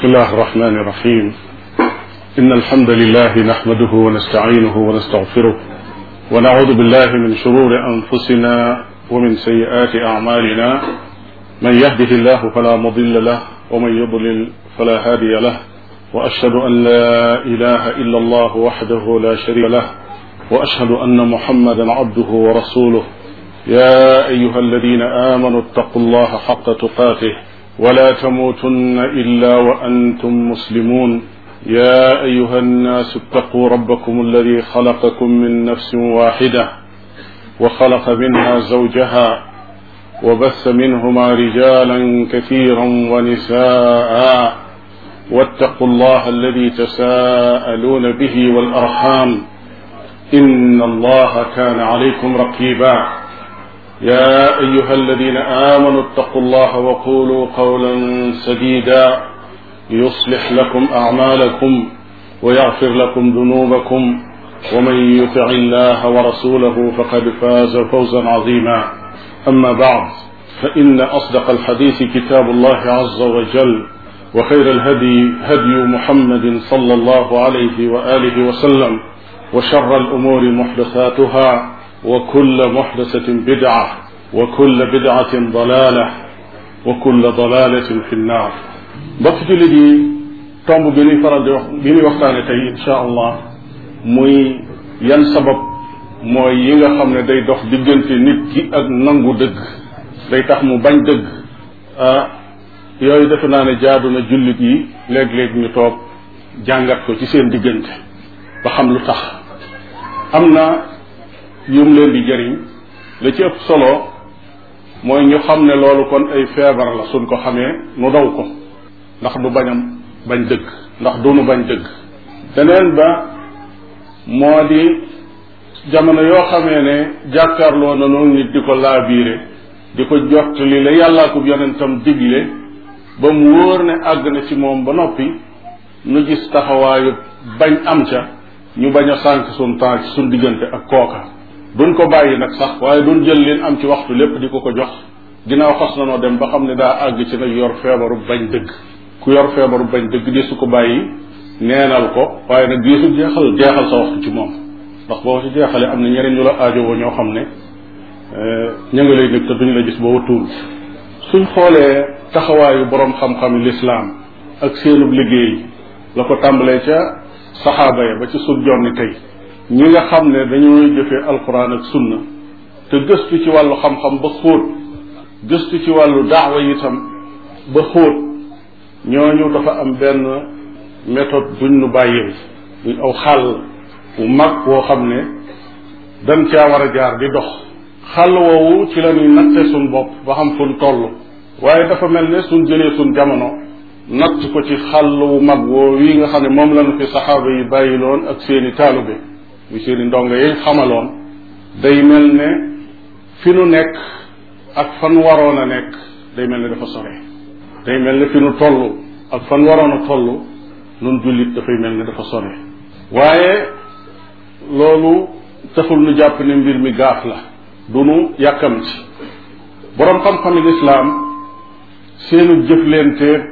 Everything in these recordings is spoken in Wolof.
بسم الله الرحمن الرحيم إن الحمد لله نحمده ونستعينه ونستغفره ونعوذ بالله من شرور أنفسنا ومن سيئات أعمالنا من يهده الله فلا مضل له ومن يضلل فلا هادي له وأشهد أن لا إله إلا الله وحده لا شريك له وأشهد أن محمدا عبده ورسوله يا أيها الذين آمنوا اتقوا الله حق تقاته ولا تموتن إلا وأنتم مسلمون يا أيها الناس اتقوا ربكم الذي خلقكم من نفس واحدة وخلق منها زوجها وبث منهما رجالا كثيرا ونساء واتقوا الله الذي تساءلون به والأرحام إن الله كان عليكم رقيبا يا أيها الذين آمنوا اتقوا الله وقولوا قولا سديدا يصلح لكم أعمالكم ويغفر لكم ذنوبكم ومن يطع الله ورسوله فقد فاز فوزا عظيما أما بعد فإن أصدق الحديث كتاب الله عز وجل وخير الهدي هدي محمد صلى الله عليه وآله وسلم وشر الأمور محدثاتها wa kulla muxdasatin bidca wa kulla bidcatin dalaala wa kulla dalaalatin fi nnaar mbokk jullit yi tomb bi ñuy faral di wax bi ñuy waxtaane tey incha allah muy yan sabab mooy yi nga xam ne day dox diggante nit ki ak nangu dëgg day tax mu bañ dëgg ah yooyu defe naa ne jaadu na jullit yi léeg-léeg ñu toog jàngat ko ci seen diggante ba xam lu tax am na yum leen di jëriñ la ci ëpp solo mooy ñu xam ne loolu kon ay feebar la suñ ko xamee nu daw ko ndax du bañam bañ dëgg ndax dunu bañ dëgg beneen ba moo di jamono yoo xamee ne jàkkaarloo na noonu nit di ko laabiire di ko jot lii la yàllaa ko yonentam digle ba mu wóor ne àgg na ci moom ba noppi nu gis taxawaayu bañ am ca ñu bañ a sànq suñ temps suñ diggante ak kooka duñ ko bàyyi nag sax waaye duñ jël leen am ci waxtu lépp di ko ko jox ginnaaw xas na noo dem ba xam ne daa àgg ci nag yor feebaru bañ dëgg ku yor feebaru bañ dëgg di su ko bàyyi neenal ko waaye nag di su jeexal jeexal sa waxtu ci moom ndax boo ci jeexalee am na ñeneen ñu la aajowoo ñoo xam ne euh, ña nga lay te duñu la gis boobu tuul suñ xoolee taxawaayu boroom xam-xam lislaam ak seenub liggéey la ko tàmbalee ca saxaaba ya ba ci suñ jonni tey ñi nga xam ne dañoo jëfee alquran ak sunna te gëstu ci wàllu xam-xam ba xóot gëstu ci wàllu daawa tam ba xóot ñooñu dafa am benn méthode buñ nu bàyyil buñ aw xàll wu mag woo xam ne dañ caa war a jaar di dox xàll woowu ci la ñuy natte bopp ba xam fuñ toll waaye dafa mel ne suñ jëlee suñ jamono natt ko ci xàll wu mag woo wi nga xam ne moom lañu fi saxaaba yi bàyyi bàyyiloon ak seeni bi muy seeni ndongo yañ xamaloon day mel ne fi nu nekk ak fan waroon a nekk day mel ne dafa sore day mel ne fi nu toll ak fan waroon a toll nun jullit dafay mel ne dafa sore waaye loolu taxul nu jàpp ne mbir mi gaaf la du nu yàkkam ci boroom xam-xami lislaam seenu jëfleenteeg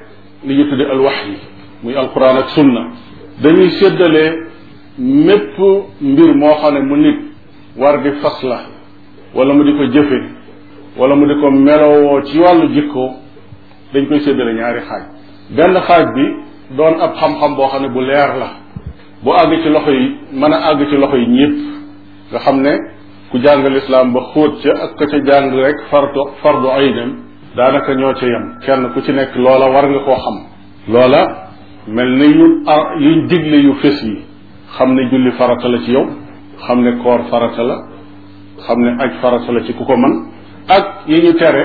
li ñu tudde alwax yi muy alquran ak sunna dañuy séddale mépp mbir moo xam ne mu nit war di fas la wala mu di ko jëfe wala mu di ko melowoo ci wàllu jikko dañ koy séddale ñaari xaaj benn xaaj bi doon ab xam-xam boo xam ne bu leer la bu àgg ci loxo yi mën a àgg ci loxo yi ñëpp nga xam ne ku jàng lislaam ba xóot ca ak ka ca jàng rek fardu fardu aynam daanaka ñoo ca yem kenn ku ci nekk loola war nga koo xam loola mel na yu ar ah, yuñ digle yu fés yi xam ne julli farata la ci yow xam ne koor farata la xam ne aj farata la ci ku ko mën ak yi ñu tere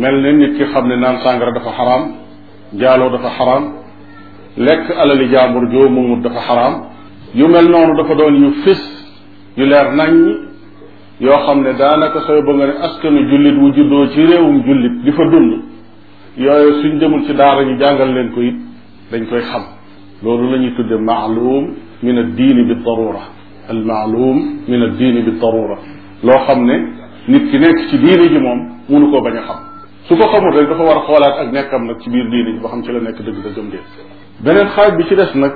mel ne nit ki xam ne naan sàngara dafa xaraam jaaloo dafa xaraam lekk alali jaambur joo moomut dafa xaraam yu mel noonu dafa doon ñu fis yu leer naññ yoo xam ne daanaka sooy ba nga ne askanu jullit wu juddoo ci réewum jullit di fa dund yooyu suñ demul ci daara ñu jàngal leen ko it dañ koy xam loolu lañuy ñuy tudde maalum min ad diini bi darura al maalum min ad diini bi darura loo xam ne nit ki nekk ci biir ji moom munu koo bañ a xam su ko xamul rek dafa war a xoolaat ak nekkam nag ci biir diine ji ba xam ci la nekk dëgg dëggam déet beneen xaaj bi ci des nag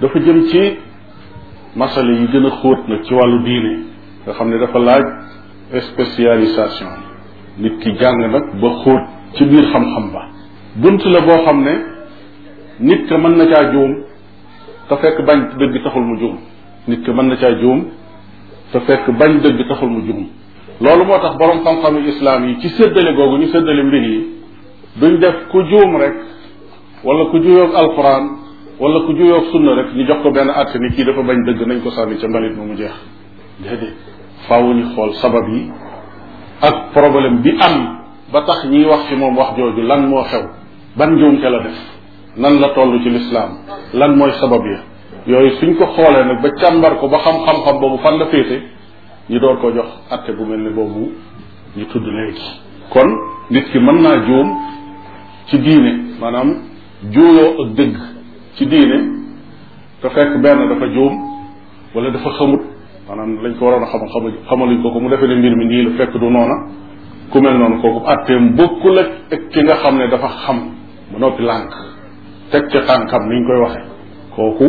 dafa jëm ci masale yi gën a xóot nag ci wàllu diine nga xam ne dafa laaj spécialisation nit ki jàng nag ba xóot ci biir xam-xam ba bunt la boo xam ne nit ka mën na caa juum te fekk bañ dëgg taxul mu juum nit ki mën na caa juum te fekk bañ dëgg taxul mu juum loolu moo tax borom xam-xam yu islaam yi ci séddale googu ñu séddale mbir yi duñ def ku juum rek wala ku juyoog alquran wala ku juyoog sunna rek ñu jox ko benn àtte ni kii dafa bañ dëgg nañ ko sànni ca mbalit ma mu jeex déedéet faaw ñu xool sabab yi ak problème bi am ba tax ñiy wax ci moom wax jooju lan moo xew ban njuumte la def nan la toll ci lislaam lan mooy sabab ya yooyu suñ ko xoolee nag ba càmbar ko ba xam-xam-xam boobu fan la féete ñu door ko jox atte bu mel ni boobu ñu tudd kon nit ki mën naa juum ci diine maanaam juuyoo ak dëgg ci diine te fekk benn dafa juum wala dafa xamut maanaam lañ ko waroon a xamal xamal xamaluñ ko ko mu defee ne mbir mi nii la fekk du noona ku mel noonu kooku atteem bokkul ak ki nga xam ne dafa xam ba noppi lànk teg ca tànkam niñ koy waxe kooku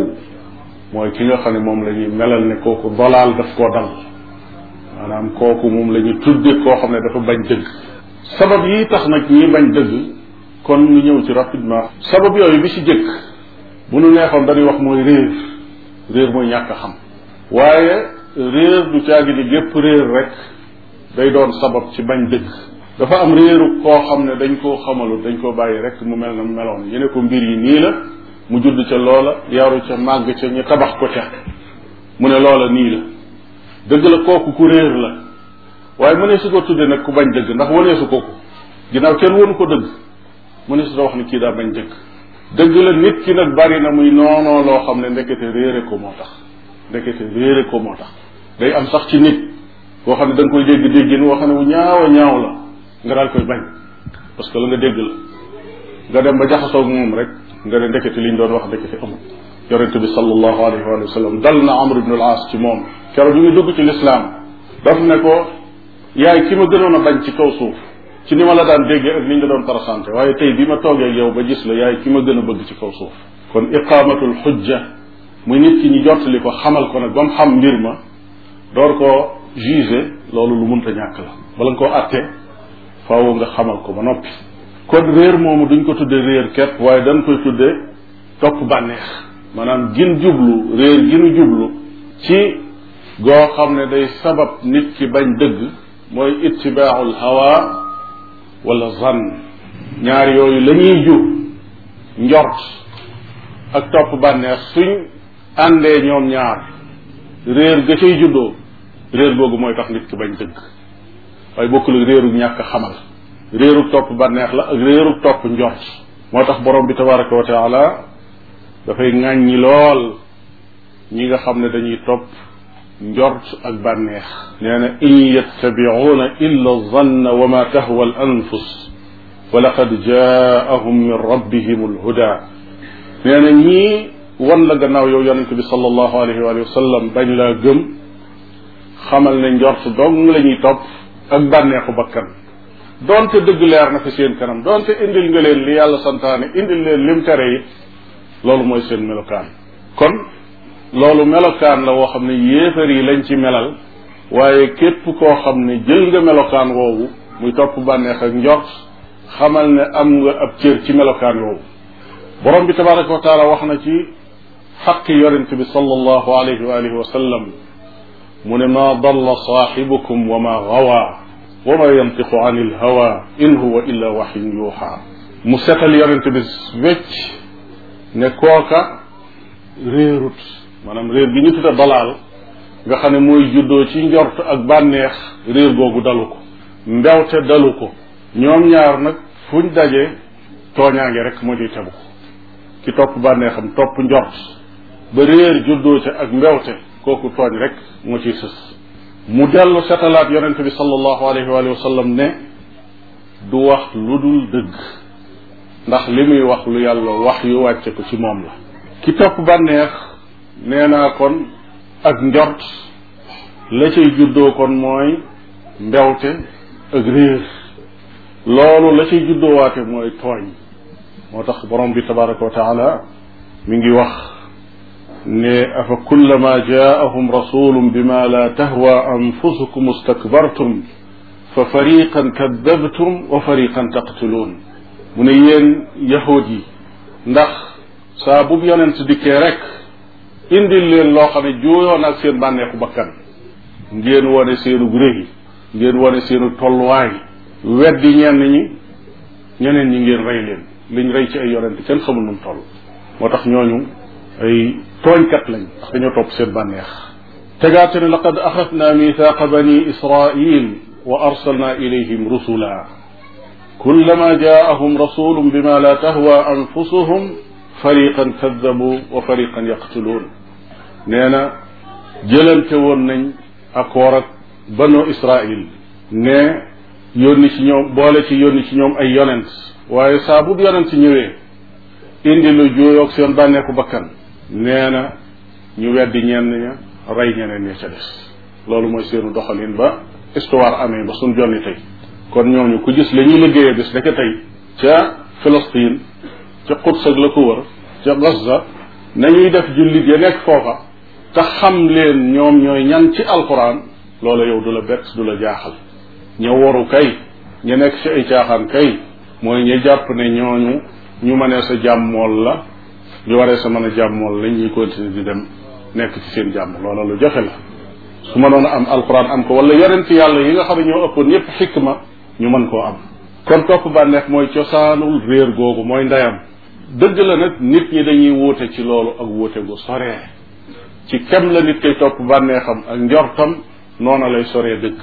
mooy ki nga xam ne moom lañuy melal ne kooku balaal daf koo dal maanaam kooku moom lañuy ñu koo xam ne dafa bañ dëgg sabab yi tax nag ñi bañ dëgg kon ñu ñëw ci rapidement sabab yooyu bi ci jëkk bu nu neexoon dañuy wax mooy réer réer mooy ñàkk a xam waaye réer du caagi ni gépp réer rek day doon sabab ci bañ dëgg dafa am réeru koo xam ne dañ koo xamalut dañ koo bàyyi rek mu mel na meloon ñu ne ko mbir yi nii la mu judd ca loola yaru ca màgg ca ñu tabax ko ca mu ne loola nii la dëgg la kooku ku réer la waaye mu su ko tuddee nag ku bañ dëgg ndax waneesu ko ko ginnaaw kenn wanu ko dëgg mu ne su ko wax ni kii daa bañ dëgg dëgg la nit ki nag bari na muy noonoo loo xam ne ndekete réere ko moo tax ndekete réere ko moo tax day am sax ci nit koo xam ne da nga koy dégg déggin woo xam ne ñaaw la nga daal koy bañ parce que la nga dégg la nga dem ba jaxasoog moom rek nga ne ndekete liñ doon wax ndekete amul yonente bi sallallahu alayhi wa sallam dal na amr ibn al as ci moom keroog bi muy dugg ci lislaam daf ne ko yaay ki ma gënoon a bañ ci kaw suuf ci ni ma la daan déggee ak niñ la doon parasanté waaye tey bi ma toogee yow ba gis la yaay ki ma gën a bëgg ci kaw suuf kon iqamatul xujja muy nit ki ñu jottali ko xamal ko nag ba mu xam mbir ma door koo juger loolu lu munta ñàkk la bala nga koo atte faaw nga xamal ko ba noppi kon réer moomu duñ ko tuddee réer kepp waaye dañ koy tuddee topp bànneex maanaam gin jublu réer ginu jublu ci goo xam ne day sabab nit ki bañ dëgg mooy ittibaaxul hawa wala zan ñaar yooyu la ñuy njor ak topp bànneex suñ àndee ñoom ñaar réer ga cay juddoo réer googu mooy tax nit ki bañ dëgg waaye bokkul ak réerug ñàkk xamal réerug topp bànneex la ak u top njort moo tax borom bi tabaraka wa taala dafay ŋàññi lool ñi nga xam ne dañuy topp njort ak bànneex nee na in yattabiuuna illa zanna wa ma tahwa al anfus wa laqad jaahum min rabbihim alhuda nee na ñii wan la gannaaw yow yonente bi sallallahu alayhi wa sallam bañ laa dong la ñuy topp ak bànneexu bakkan donte dëgg leer na fi seen kenam donte indil nga leen li yàlla santaane indil leen lim tere it loolu mooy seen melokaan kon loolu melokaan la woo xam ne yéefar yi lañ ci melal waaye képp koo xam ne jël nga melokaan woowu muy topp bànneex ak njort xamal ne am nga ab cër ci melokaan woowu borom bi tabaraka wa taala wax na ci xaqi yonent bi sallallahu alayhi wa alihi mu ne maa dalla saaxibukum wa gawa wa maa yantiqu in huwa illa waxyun yuuxa mu setal yonent bi wecc ne kooka réerut maanaam réer gi ñu tudde dalaal nga xam ne mooy juddoo ci njort ak bànneex réer googu dalu ko mbewte dalu ko ñoom ñaar nag fuñ dajee tooñaange rek moo ciy tegu ki topp bànneexam topp njort ba réer juddoo ak mbewte kooku tooñ rekk moo ciy sës mu dellu setalaat yonente bi sallallahu alayhi wa sallam ne du wax lu dul dëgg ndax li muy wax lu yàlla wax yu wàcce ko ci moom la ki topp bànneex nee naa kon ak njort la cay juddoo kon mooy mbewte ak réer loolu la cay juddoowaate mooy tooñ moo tax borom bi tabaraka wa taala mi ngi wax ne afa kullama jaahum rasulum bima la tahwa anfusukum istakbartum fa fariqan kaddabtum wa fariqan taqtuluun mu ne yéen yahuud yi ndax saa bu yonent dikkee rek indil leen loo xam ne juuyoon ak seen bànneexu bakkan ngeen wone seenu réy ngeen wone seenu tolluwaay weddi ñenn ñi ñeneen ñi ngeen rey leen liñ rey ci ay yonent kenn xamul nu toll moo tax ñooñu ay tooñkat lañ ndax dañoo topp seen bànneex tegaate ne laqad axadna mithaqa bani israil wa arsalna ilayhim rusula kullama jaahum rasulun bima la tahwa anfusuhum fariqan kadabu wa fariqan yaqtuluun nee na jëlante woon nañ accord ak israil ne yónni ci ñoom boole ci yónni ci ñoom ay yonent waaye saa bu yonent ñëwee indi lu juuyoog seen bànneeku bakkan nee na ñu weddi ñenn ña rey ñeneen ña ca des loolu mooy seenu doxalin ba histoire amee ba suñ jonni tey kon ñooñu ku gis lañuy ñuy liggéeyee bis da ca tey ca Palestine ca Quds ak la ko wër ca Gaza nañuy def jullit ya nekk foofa te xam leen ñoom ñooy ñan ci alquran loola yow du la bett du la jaaxal ña waru kay ña nekk ci ay caaxaan kay mooy ña jàpp ne ñooñu ñu mënee sa jàmmool la ñu waree sa mën a jàmmool la ñuy continuer di dem nekk ci seen jàmm loola lu jafe la su mënoon a am alquran am ko wala yonent yàlla yi nga xam ne ñoo ëppoon yépp xikma ñu mën koo am kon topp bànneex mooy cosaanul réer googu mooy ndeyam dëgg la nag nit ñi dañuy wuute ci loolu ak wuute gu soree ci kem la nit koy topp bànneexam ak njortam noona lay soree dëkk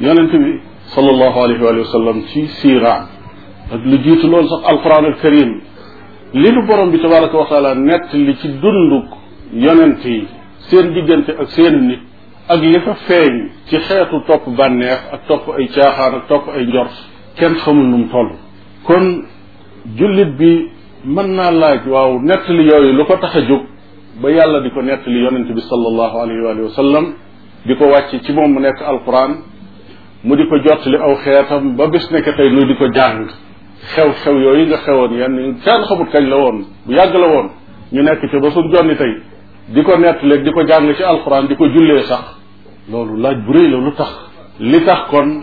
yonent bi sallallahu alayhi wa sallam ci siiraam ak lu jiitu loolu sax alquran al karim li nu borom bi tabaraka wa taala nett li ci dundug yonent yi seen diggante ak seen nit ak li fa feeñ ci xeetu topp bànneex ak topp ay caaxaan ak topp ay njort kenn xamul nu mu toll kon jullit bi mën naa laaj waaw nettali yooyu lu ko tax a jóg ba yàlla di ko nettali yonent bi sallallahu alayhi wa sallam di ko wàcc ci moom mu nekk alquran mu di ko li aw xeetam ba bis nekk tey nu di ko jàng xew-xew yooyu nga xewoon yenn seen xamut kañ la woon bu yàgg la woon ñu nekk ci ba suñ jonni tey di ko nett léegi di ko jàng ci alxuraan di ko jullee sax loolu laaj bu rëy la lu tax li tax kon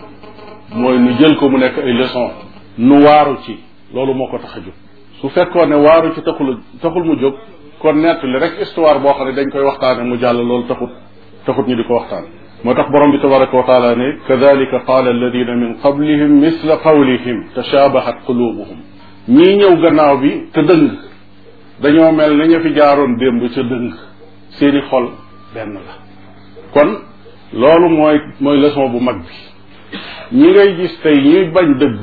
mooy nu jël ko mu nekk ay leçon nu waaru ci loolu moo ko tax a jóg su fekkoon ne waaru ci taxul taxul mu jóg kon nett li rek histoire boo xam ne dañ koy waxtaane mu jàll loolu taxut taxut ñu di ko waxtaan moo tax borom bi tabaraka wa taala ne kadalika qaala alladina min qablihim misla qawlihim tashabahat qulubuhum ñii ñëw gannaaw bi te dëng dañoo mel ni ñu fi jaaroon démb ca dëng seeni xol benn la kon loolu mooy mooy leçon bu mag bi ñi ngay gis tey ñuy bañ dëgg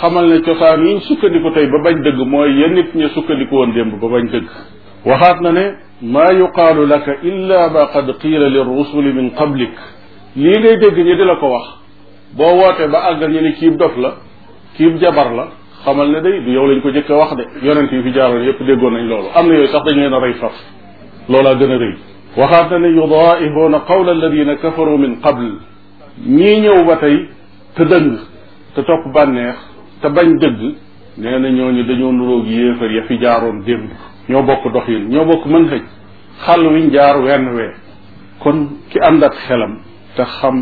xamal ne cosaan yi ñu sukkandiku tey ba bañ dëgg mooy ya nit ña sukkandiku woon démb ba bañ dëgg waxaat na ne maa yuqaalu laka illa ma qad qiila lirrusuli min qablik lii ngay dégg ñi di la ko wax boo wootee ba àggal ñu ne kiib dof la kiib jabar la xamal ne day du yow lañ ko jëkk a wax de yonent yi fi jaaroon yépp déggoon nañ loolu am na yooyu sax dañ leen a rey faf loolaa gën a rëy waxaat na ne yudaa'ihuuna qawla alladina kafaru min qabl ñii ñëw ba tey te dëng te topp bànneex te bañ dëgg nee na ñooñu dañoo nuróog yéefar ya fi jaaroon démb ñoo bokk dox doxin ñoo bokk mën xëj xàll wiñ jaar wenn we kon ki ànd ak xelam te xam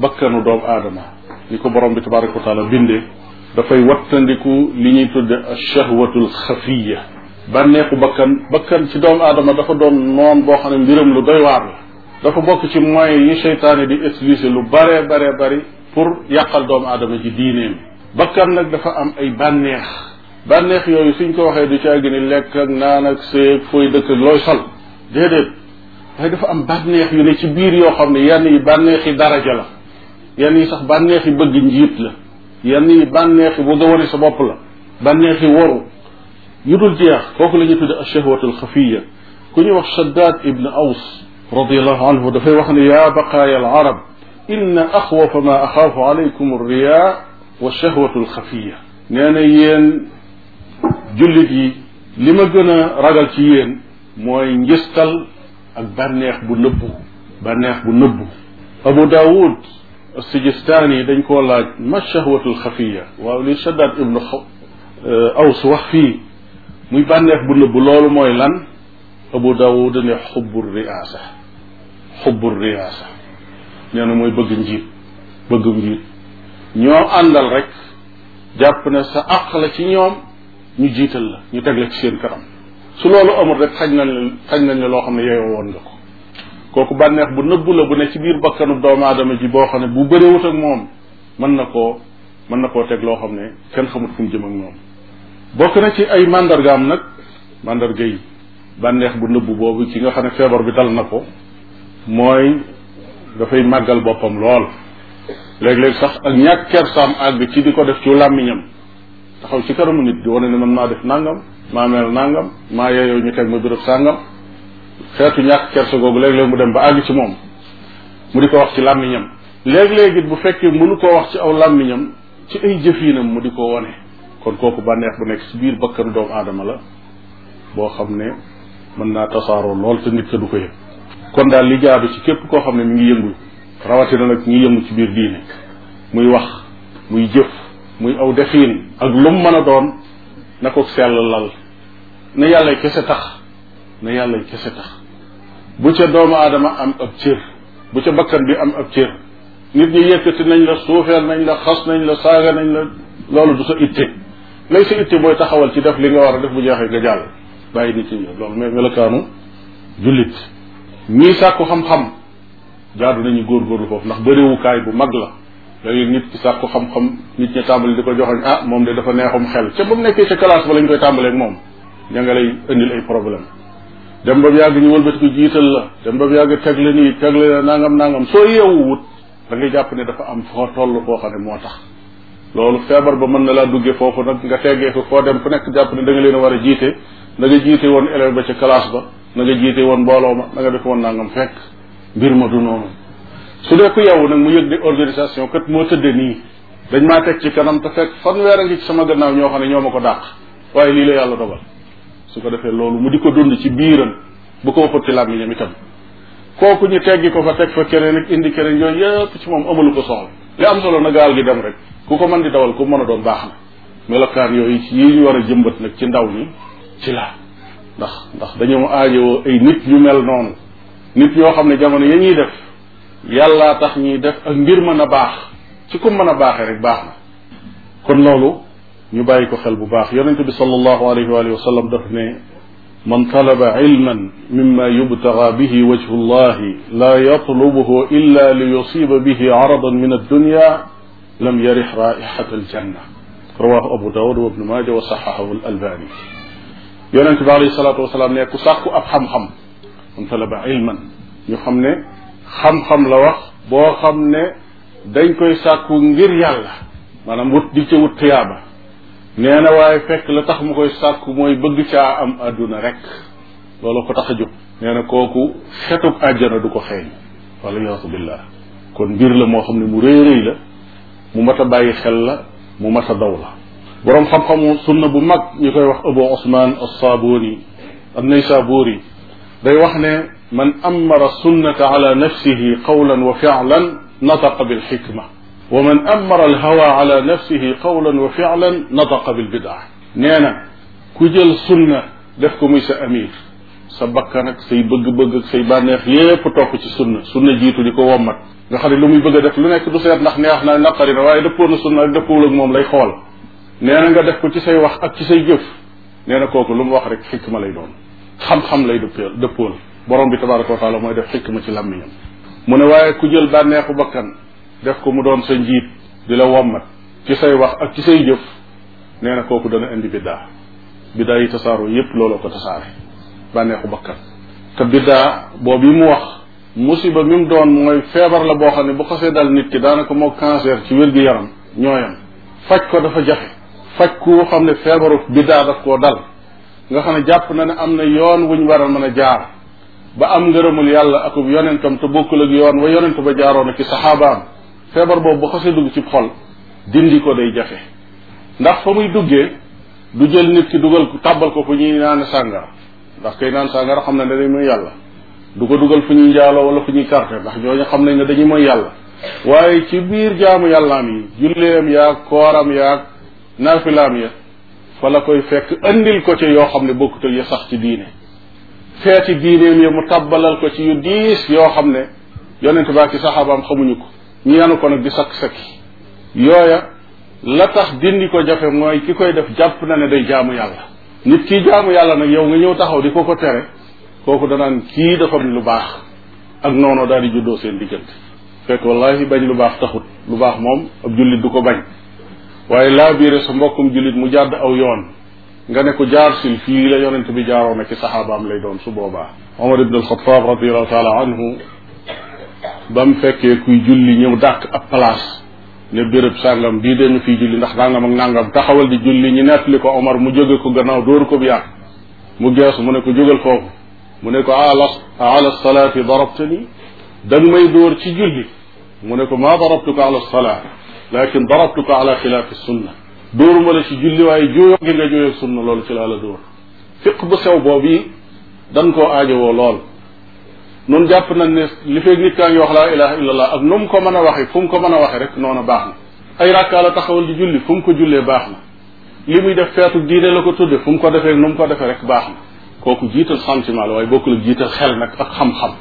bakkanu doomu aadama ni ko borom bi tabaraka wa taala bindee dafay wattandiku li ñuy tudd tudde shahwatul xafiya bànneexu bakkan bakkan ci doomu aadama dafa doon noon boo xam ne mbiram lu doy waar la dafa bokk ci moyens yi seytaane di utiliser lu bare bare bari pour yàqal doomu aadama ji diineem bakkan nag dafa am ay bànneex bànneex yooyu suñ ko waxee du caa gën lekk ak naan ak seeg fooy dëkk ak looy sol déedéet waaye dafa am bànneex yu ne ci biir yoo xam ne yenn yi bànneexi daraja la yenn yi sax bànneexi bëgg njiit la yenn yi bànneexi bëgg a wane sa bopp la bànneexi waru yu dul jeex kooku la ñuy tudde ashahwatu alxafiya ku ñuy wax shaddaad ibn aws radiallahu anhu dafay wax ne yaa baqaaya i arab inna axwafa ma axaafu alaykum alriya wa shahwatu jullit yi li ma gën a ragal ci yéen mooy njistal ak bànneex bu nëbbu bànneex bu nëbbu abu daawud sijistaani dañ koo laaj ma shahwatul xafiya waaw li shaddaat ibnu eh, aws wax fii muy bànneex bu nëbbu loolu mooy lan abu daawud ne xubbu riyaasa xubbu riyaasa nee na mooy bëgg njiit bëgg njiit ñoo àndal rek jàpp ne sa àq la ci ñoom ñu jiital la ñu teg la ci seen kanam su loolu amul rek xaj nañ la xañ nañ la loo xam ne yeyoo woon nga ko kooku bànneex bu nëbbu la bu ne ci biir bakkanu doomu aadama ji boo xam ne bu bëriwut ak moom mën na koo mën na koo teg loo xam ne kenn xamut fu jëm ak moom bokk na ci ay màndargaam nag mandarga yi bànneex bu nëbbu boobu ci nga xam ne feebar bi dal na ko mooy dafay màggal boppam lool léeg-léeg sax ak ñàkk kersaam àgg ci di ko def ci làmmiñam taxaw ci kanamu nit di wane ne man maa def nangam maa mel nàngam maa yeyoo ñu teg ma béréb sàngam xeetu ñàkk kersa googu léeg-léeg mu dem ba àgg ci moom mu di ko wax ci làmmiñam léeg-léeg bu fekkee mënu koo wax ci aw làmmiñam ci ay jëfiinam mu di ko wane kon kooku bànneex bu nekk ci biir bakkanu doomu aadama la boo xam ne mën naa tasaaroo lool te nit ka du ko yëg kon daal li jaadu ci képp koo xam ne mu ngi yëngu rawatina nag ñi yëngu ci biir diine muy wax muy jëf muy aw defiin ak lum mën a doon na ko sell lal na yàlla kese tax na yàlla kese tax bu ca doomu aadama am ab cër bu ca bakkan bi am ab cër nit ñi yëkkati nañ la suufeel nañ la xas nañ la saaga nañ la loolu du sa itte lay sa itte mooy taxawal ci def li nga war a def bu jeexee nga jàll bàyyi nit ñi loolu mooy melokaanu jullit ñii sàkku xam-xam jaadu nañu góorgóorlu foofu ndax bëriwukaay bu mag la léeg nit ki sàkku xam-xam nit ñi tàmbali di ko joxoñ ah moom de dafa neexum xel ca ba mu nekkee ca classe ba lañ koy tàmbaleeg moom ña nga lay indil ay problème dem ba mu yàgg ñu wëlbati ko jiital la dem ba mu yàgg teg la nii teg la nangam nangam soo yeewuwut da ngay jàpp ne dafa am foo toll foo xam ne moo tax loolu feebar ba mën na laa duggee foofu nag nga teggee ko foo dem fu nekk jàpp ne da leen war a jiite na jiite woon élève ba ci classe ba na nga jiite woon mbooloo ma na nga def woon fekk mbir ma noonu su dee ku yow nag mu yëg ne organisation kat moo tëdde nii dañ maa teg ci kanam te fekk fanweer a ngi ci sama gannaaw ñoo xam ne ñoo ma ko dàq waaye lii la yàlla dogal su ko defee loolu mu di ko dund ci biiram bu ko waxut ci làmmiñam itam kooku ñu teggi ko fa teg fa keneen ak indi keneen yooyu yëpp ci moom amalu ko soxla li am solo na gaal gi dem rek ku ko mën di dawal ku mën a doon baax na melokaan yooyu yi ñu war a jëmbat nag ci ndaw ñi ci la ndax ndax dañoo aajowoo ay nit ñu mel noonu nit ñoo xam ne jamono ya ñuy def yàllaa tax ñuy def ak mbir mën a baax ci ku mën a baaxee rek baax na kon loolu ñu bàyyi ko xel bu baax yonente bi sallallahu alayhi wa sallam daf ne man talaba ilman mimma yubtaga bihi wajhu llahi la yatlubuhu illa li yusiba bihi aradan min addunya lam yarix raixata aljanna rawahu abu dawud wa ibnu maja wa saxahahu al albani yonente bi alayhi salatu wasalaam ne ku sàkku ab xam-xam man talaba ilman ñu xam ne xam-xam la wax boo xam ne dañ koy sàkku ngir yàlla maanaam wut di ca wut tuyaaba nee na waaye fekk la tax mu koy sàkku mooy bëgg caa am àdduna rek loolu ko tax a jóg nee kooku xetug àjjana du ko xeeñ wala yaasu billah kon mbir la moo xam ne mu rëy rëy la mu mat a bàyyi xel la mu mat a daw la boroom xam-xamu sunna bu mag ñu koy wax Abu Osman yi saburi an-Naysaburi day wax ne man amara sunnata ala nafsihi qawlan wa fi'lan nataqa bil xikma wa man amara al hawa ala nafsihi qawlan wa fi'lan nataqa bil bidaa nee na ku jël sunna def ko muy sa amir sa bakkan ak say bëgg-bëgg ak say bànneex yépp topp ci sunna sunna jiitu di ko wommat nga xam ne lu muy bëgg a def lu nekk du seet ndax neex na naqari na waaye dëppoon na sunna ak dëppoowul ak moom lay xool nee na nga def ko ci say wax ak ci say jëf nee na kooku lu mu wax rek xikma lay doon xam-xam lay dëppool dëppool borom bi tabaraka wa taala mooy def xikma ci làmmiñam mu ne waaye ku jël bànneexu bakkan def ko mu doon sa njiit di la wommat ci say wax ak ci say jëf nee na kooku dana indi biddaa biddaa yi tasaaroo yépp looloo ko tasaare bànneexu bakkan te biddaa boobu mu wax musiba mi mu doon mooy feebar la boo xam ne bu xasee dal nit ki daanaka moo cancer ci wér gi yaram ñooyam faj ko dafa jafe faj ku xam ne feebaru biddaa daf koo dal nga xam ne jàpp na ne am na yoon wuñ war a mën a jaar ba am ngërëmul yàlla akub yonentam te bokkul ak yoon wa yonent ba jaaroon ak i saxaabaam feebar boobu bu xasee dugg ci xol dindi ko day jafe ndax fa muy duggee du jël nit ki dugal tàbbal ko fu ñuy naan sàngara ndax kay naan sàngara xam na ne day mooy yàlla du ko dugal fu ñuy njaaloo wala fu ñuy carte ndax ñooñu xam nañ ne dañuy mooy yàlla waaye ci biir jaamu yàllaam yi julleem yaag kooram yaag naafilaam ya fa la koy fekk indil ko ci yoo xam ne bokkutal ya sax ci diine feeti diineem yi mu tabbalal ko ci yu diis yoo xam ne yonent baa ki saxaabaam xamuñu ko ñu ko nag di sakk-sakki yooya la tax dindi ko jafe mooy ki koy def jàpp na ne day jaamu yàlla nit kii jaamu yàlla nag yow nga ñëw taxaw di ko ko tere kooku danaan kii dafa lu baax ak noonu daal di juddoo seen diggante fekk wallahi bañ lu baax taxut lu baax moom ab jullit du ko bañ waaye laa sa mbokkum jullit mu jàdd aw yoon nga ne ko jaar sil fii la yonent bi jaaroon ak ci saxaabaam lay doon su boobaa omar ibn alxataab radiallahu taala anhu ba mu fekkee kuy julli ñëw dàq ab place ne béréb sàngam bii dee ñu fiy julli ndax nangam ak nangam taxawal di julli ñu nettali ko omar mu jóge ko gannaaw dóor ko bia mu geesu mu ne ko jógal foofu mu ne ko ala ala salaati darabtani da nga may dóor ci julli mu ne ko maa darabtuka ala salaa lakin darabtuka ala xilaafi sunna dóoruma la ci julli waaye juyoo gi nga juyoo sunna loolu ci laa la dóor fiq bu sew boobu yi dan koo aajowoo lool nun jàpp nañ ne li feeg nit kaa ngi wax laa ilaha illallah ak nu mu ko mën a waxe fu mu ko mën a waxe rek noonu baax na ay rakkaa la taxawal di julli fu mu ko jullee baax na li muy def feetu diine la ko tudde fu mu ko defee nu mu ko defee rek baax na kooku jiital sentiment la waaye bokkul ak jiital xel nag ak xam-xam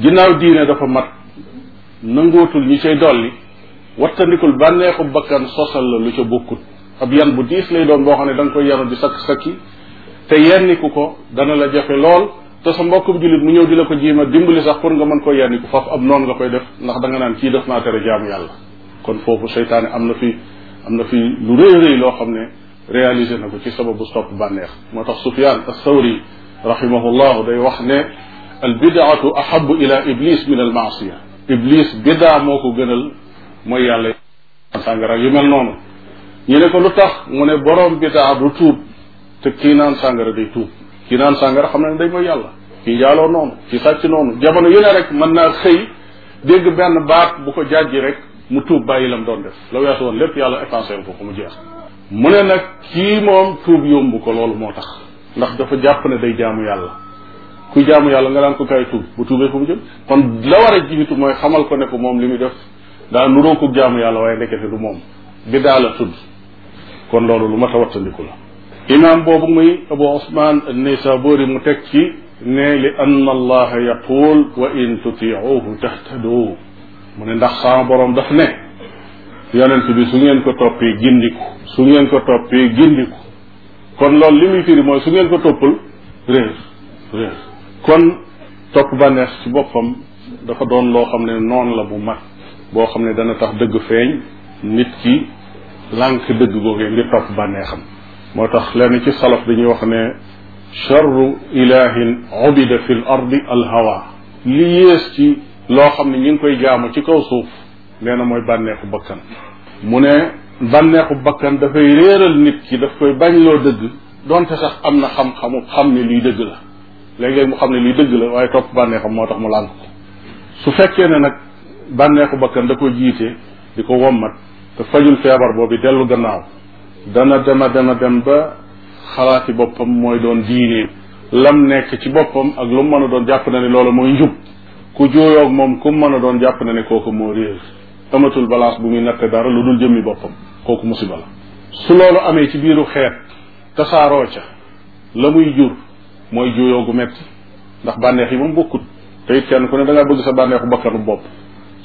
ginnaaw diine dafa mat nangootul ñi cay dolli wattandikul bànneexu bakkan sosal la lu ca ab yan bu diis lay doon boo xam ne da nga koy yaru di sakk-sakki te yenniku ko dana la jafe lool te sa mbokkum jullit mu ñëw di la ko jiima dimbali sax pour nga mën ko ku faf ab noonu nga koy def ndax da nga naan kii def naa tere jaamu yàlla kon foofu seytaane am na fi am na fi lu rëy rëy loo xam ne réalisé na ko ci sababu sopp bànneex moo tax Sufyaan as-Sawri rahimahullahu day wax ne al bidaatu ahabu ila iblis min al maasiya iblis bidaa moo ko gënal mooy yàlla sàngara yu mel noonu ñu ne ko lu tax mu ne borom bidaa du tuub te kii naan sàngara day tuub kii naan sàngara xam na ne day mooy yàlla kii jaaloo noonu kii sàcc noonu jamono yu ne rek mën naa xëy dégg benn baat bu ko jàjji rek mu tuub bàyyi lam doon def la weesu woon lépp yàlla effacé ko ko mu jeex mu ne nag kii moom tuub yomb ko loolu moo tax ndax dafa jàpp ne day jaamu yàlla kuy jaamu yàlla nga daan ko kaay tuub bu tuubee ko mu jëm kon la war a jiitu mooy xamal ko ne ko moom li muy def daa nuroo ko jaamu yàlla waaye ndekete du moom bi daa la kon loolu lu mat a wattandiku la imaam boobu muy abu osman nisaburi mu teg ci ne li anna allaha yaqul wa in tutiuhu tahtadu mu ne ndax sama boroom daf ne yonent bi su ngeen ko toppee gindiku su ngeen ko toppee gindiku kon loolu li muy firi mooy su ngeen ko toppul réer réer kon topp bànneex ci boppam dafa doon loo xam ne noonu la bu mag boo xam ne dana tax dëgg feeñ nit ki lànk dëgg googee ngir topp bànneexam moo tax lenn ci salaf dañuy wax ne charru ilahin ubida fi l ardi al hawa li yées ci loo xam ne ñi ngi koy jaamu ci kaw suuf nee na mooy bànneexu bakkan mu ne bànneexu bakkan dafay réeral nit ki daf koy bañloo dëgg donte sax am na xam-xamu xam ne lii dëgg la léeg-léeg mu xam ne lii dëgg la waaye topp bànneexam moo tax mu lànk ko su fekkee ne nag bànneexu bakkan da ko jiite di ko wommat te fajul feebar boobu dellu gannaaw dana dem a dem a dem ba xalaati boppam mooy doon diine lam nekk ci boppam ak lu mu mën a doon jàpp na ne loolu mooy njub ku jooyoog moom ku mu mën a doon jàpp na ne kooku moo réer amatul balance bu muy natte dara lu dul jëmmi boppam kooku musiba la su loolu amee ci biiru xeet tasaaroo ca la muy jur mooy juyoo metti ndax bànneex yi moom bokkut te it kenn ku ne da ngaa bëgg sa bànneexu bakkanu bopp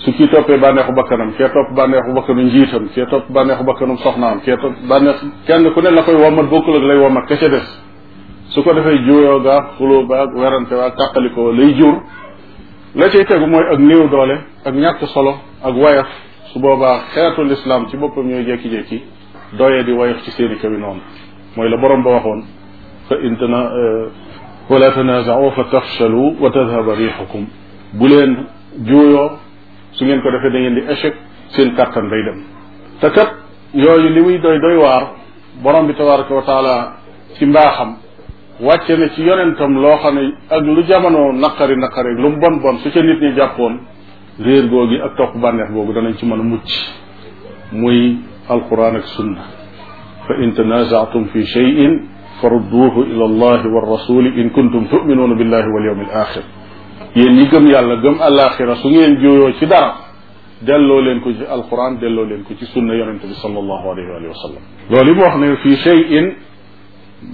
su kii toppee bànneexu bakkanam kee topp bànneexu bakkanu njiitam kee topp bànneexu bakkanu soxnaam kee topp bànneex kenn ku ne la koy wommat bokkul ak lay wommat ka ca des su ko defee juyoo gaag xuloo baag werante waag tàqalikoo lay jur la cay tegu mooy ak néew doole ak ñàkk solo ak wayaf su boobaa xeetu lislaam ci boppam ñooy jékki-jékki doye di wayaf ci seen i kawi noonu mooy la borom ba waxoon fa intana eh, wala tanazaau fa tafchalu wa tadhaba rixukum bu leen juuyoo su ngeen ko defee da ngeen di échec seen kàttan day dem te kat yooyu li muy doy doy waar borom bi tabaraka wa taala ci mbaaxam wàcce na ci yonentam loo xam ne ak lu jamono naqari naqari lu mu bon bon su ca nit ñi jàppoon réer googi ak topp bànneex googu danañ ci mën a mucc muy alquran ak sunna fa in tanazatum fi cheyin farudduhu ila allah wa rasuli in kuntum tuminuuna billahi wal yawmi al axir yéen ñi gëm yàlla gëm alaxira su ngeen jooyoo ci dara delloo leen ko ci alquran delloo leen ko ci sunna yonente bi sallallahu alayhi wa sallam loolu yi mu xam ne fii shay in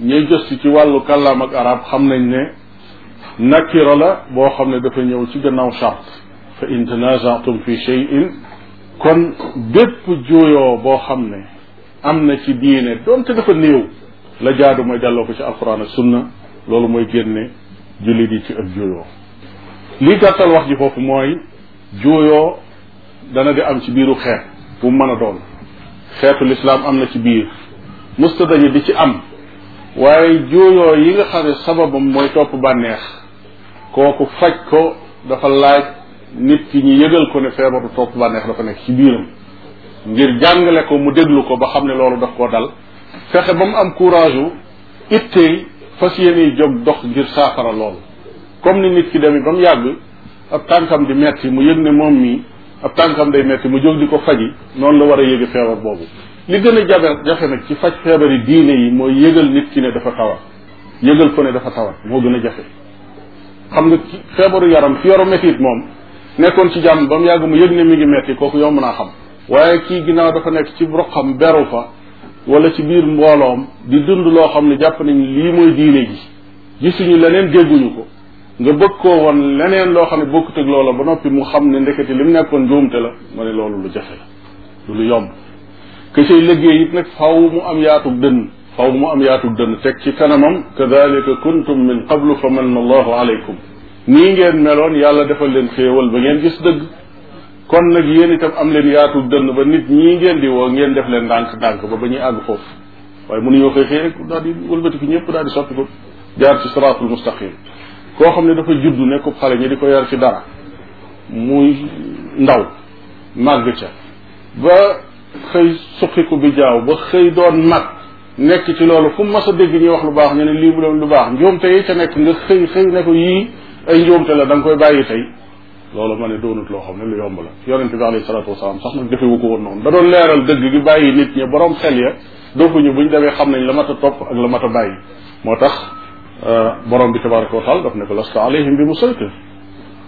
ñuy gëstu ci wàllu kàllaam arab xam nañ ne nakira la boo xam ne dafa ñëw ci gannaaw charte fa in tanazatum fi shay kon bépp juyoo boo xam ne am na ci diine doonte dafa néew la jaadu mooy delloo ko ci alquran ak sunna loolu mooy génne jullit yi ci ak juyoo li gàttal wax ji foofu mooy juuyoo dana di am ci biiru xeet bu mën a doon xeetu lislaam am na ci biir musta dañu di ci am waaye juuyoo yi nga xam ne sababam mooy topp bànneex kooku faj ko dafa laaj nit ki ñu yëgal ko ne feebaru topp bànneex dafa nekk ci biiram ngir jàngale ko mu déglu ko ba xam ne loolu daf koo dal fexe ba mu am courage u ittey fas yéene jog dox ngir saafara loolu comme ni nit ki demee ba mu yàgg ab tànkam di metti mu yëg ne moom mii ab tànkam day metti mu jóg di ko faji noonu la war a yëge feebar boobu li gën a jabe jafe nag ci faj feebar yi diine yi mooy yëgal nit ki ne dafa tawat yëgal ko ne dafa tawat moo gën a jafe xam nga feebaru yaram fi yaru metit moom nekkoon ci jàmm ba mu yàgg mu yëg ne mi ngi metti kooku yomb naa xam waaye kii ginnaaw dafa nekk ci roqam beru fa wala ci biir mbooloom di dund loo xam ne jàpp nañ lii mooy diine ji gisuñu leneen dégguñu ko nga bëgg koo woon leneen loo xam ne bokkut ak loola ba noppi mu xam ne ndekete li mu nekkoon juumte la ma ne loolu lu jafe la du lu yomb que say liggéey it nag faw mu am yaatug dënn faw mu am yaatug dënn teg ci kanamam kadalika kuntum min qablu fa manna allahu alaykum nii ngeen meloon yàlla defal leen xéewal ba ngeen gis dëgg kon nag yéen itam am leen yaatug dënn ba nit ñii ngeen di woo ngeen def leen ndànk-ndànk ba ba ñuy àgg foofu waaye mënuñoo xëy xëy rek daal di wëlbati fi daal di soppi ko jaar ci siraatul mustaqim koo xam ne dafa judd nekkub xale ñi di ko yar ci dara muy ndaw màgg ca ba xëy suqiku bi jaaw ba xëy doon mag nekk ci loolu fu mas a dégg ñuy wax lu baax ñu ne lii bu lu baax njuumte yi ca nekk nga xëy xëy ne yii ay njuumte la da koy bàyyi tey loolu ma ne doonut loo xam ne lu yomb la yonent bi alayhi salaatu wasalaam sax nag defewu ko woon noonu da doon leeral dëgg gi bàyyi nit ñi borom xel ya doofuñu buñ demee xam nañ la mat a topp ak la mat a bàyyi moo tax Euh, borom bi tabaraka wa taala daf ne ko lasta alayhim bi musaytir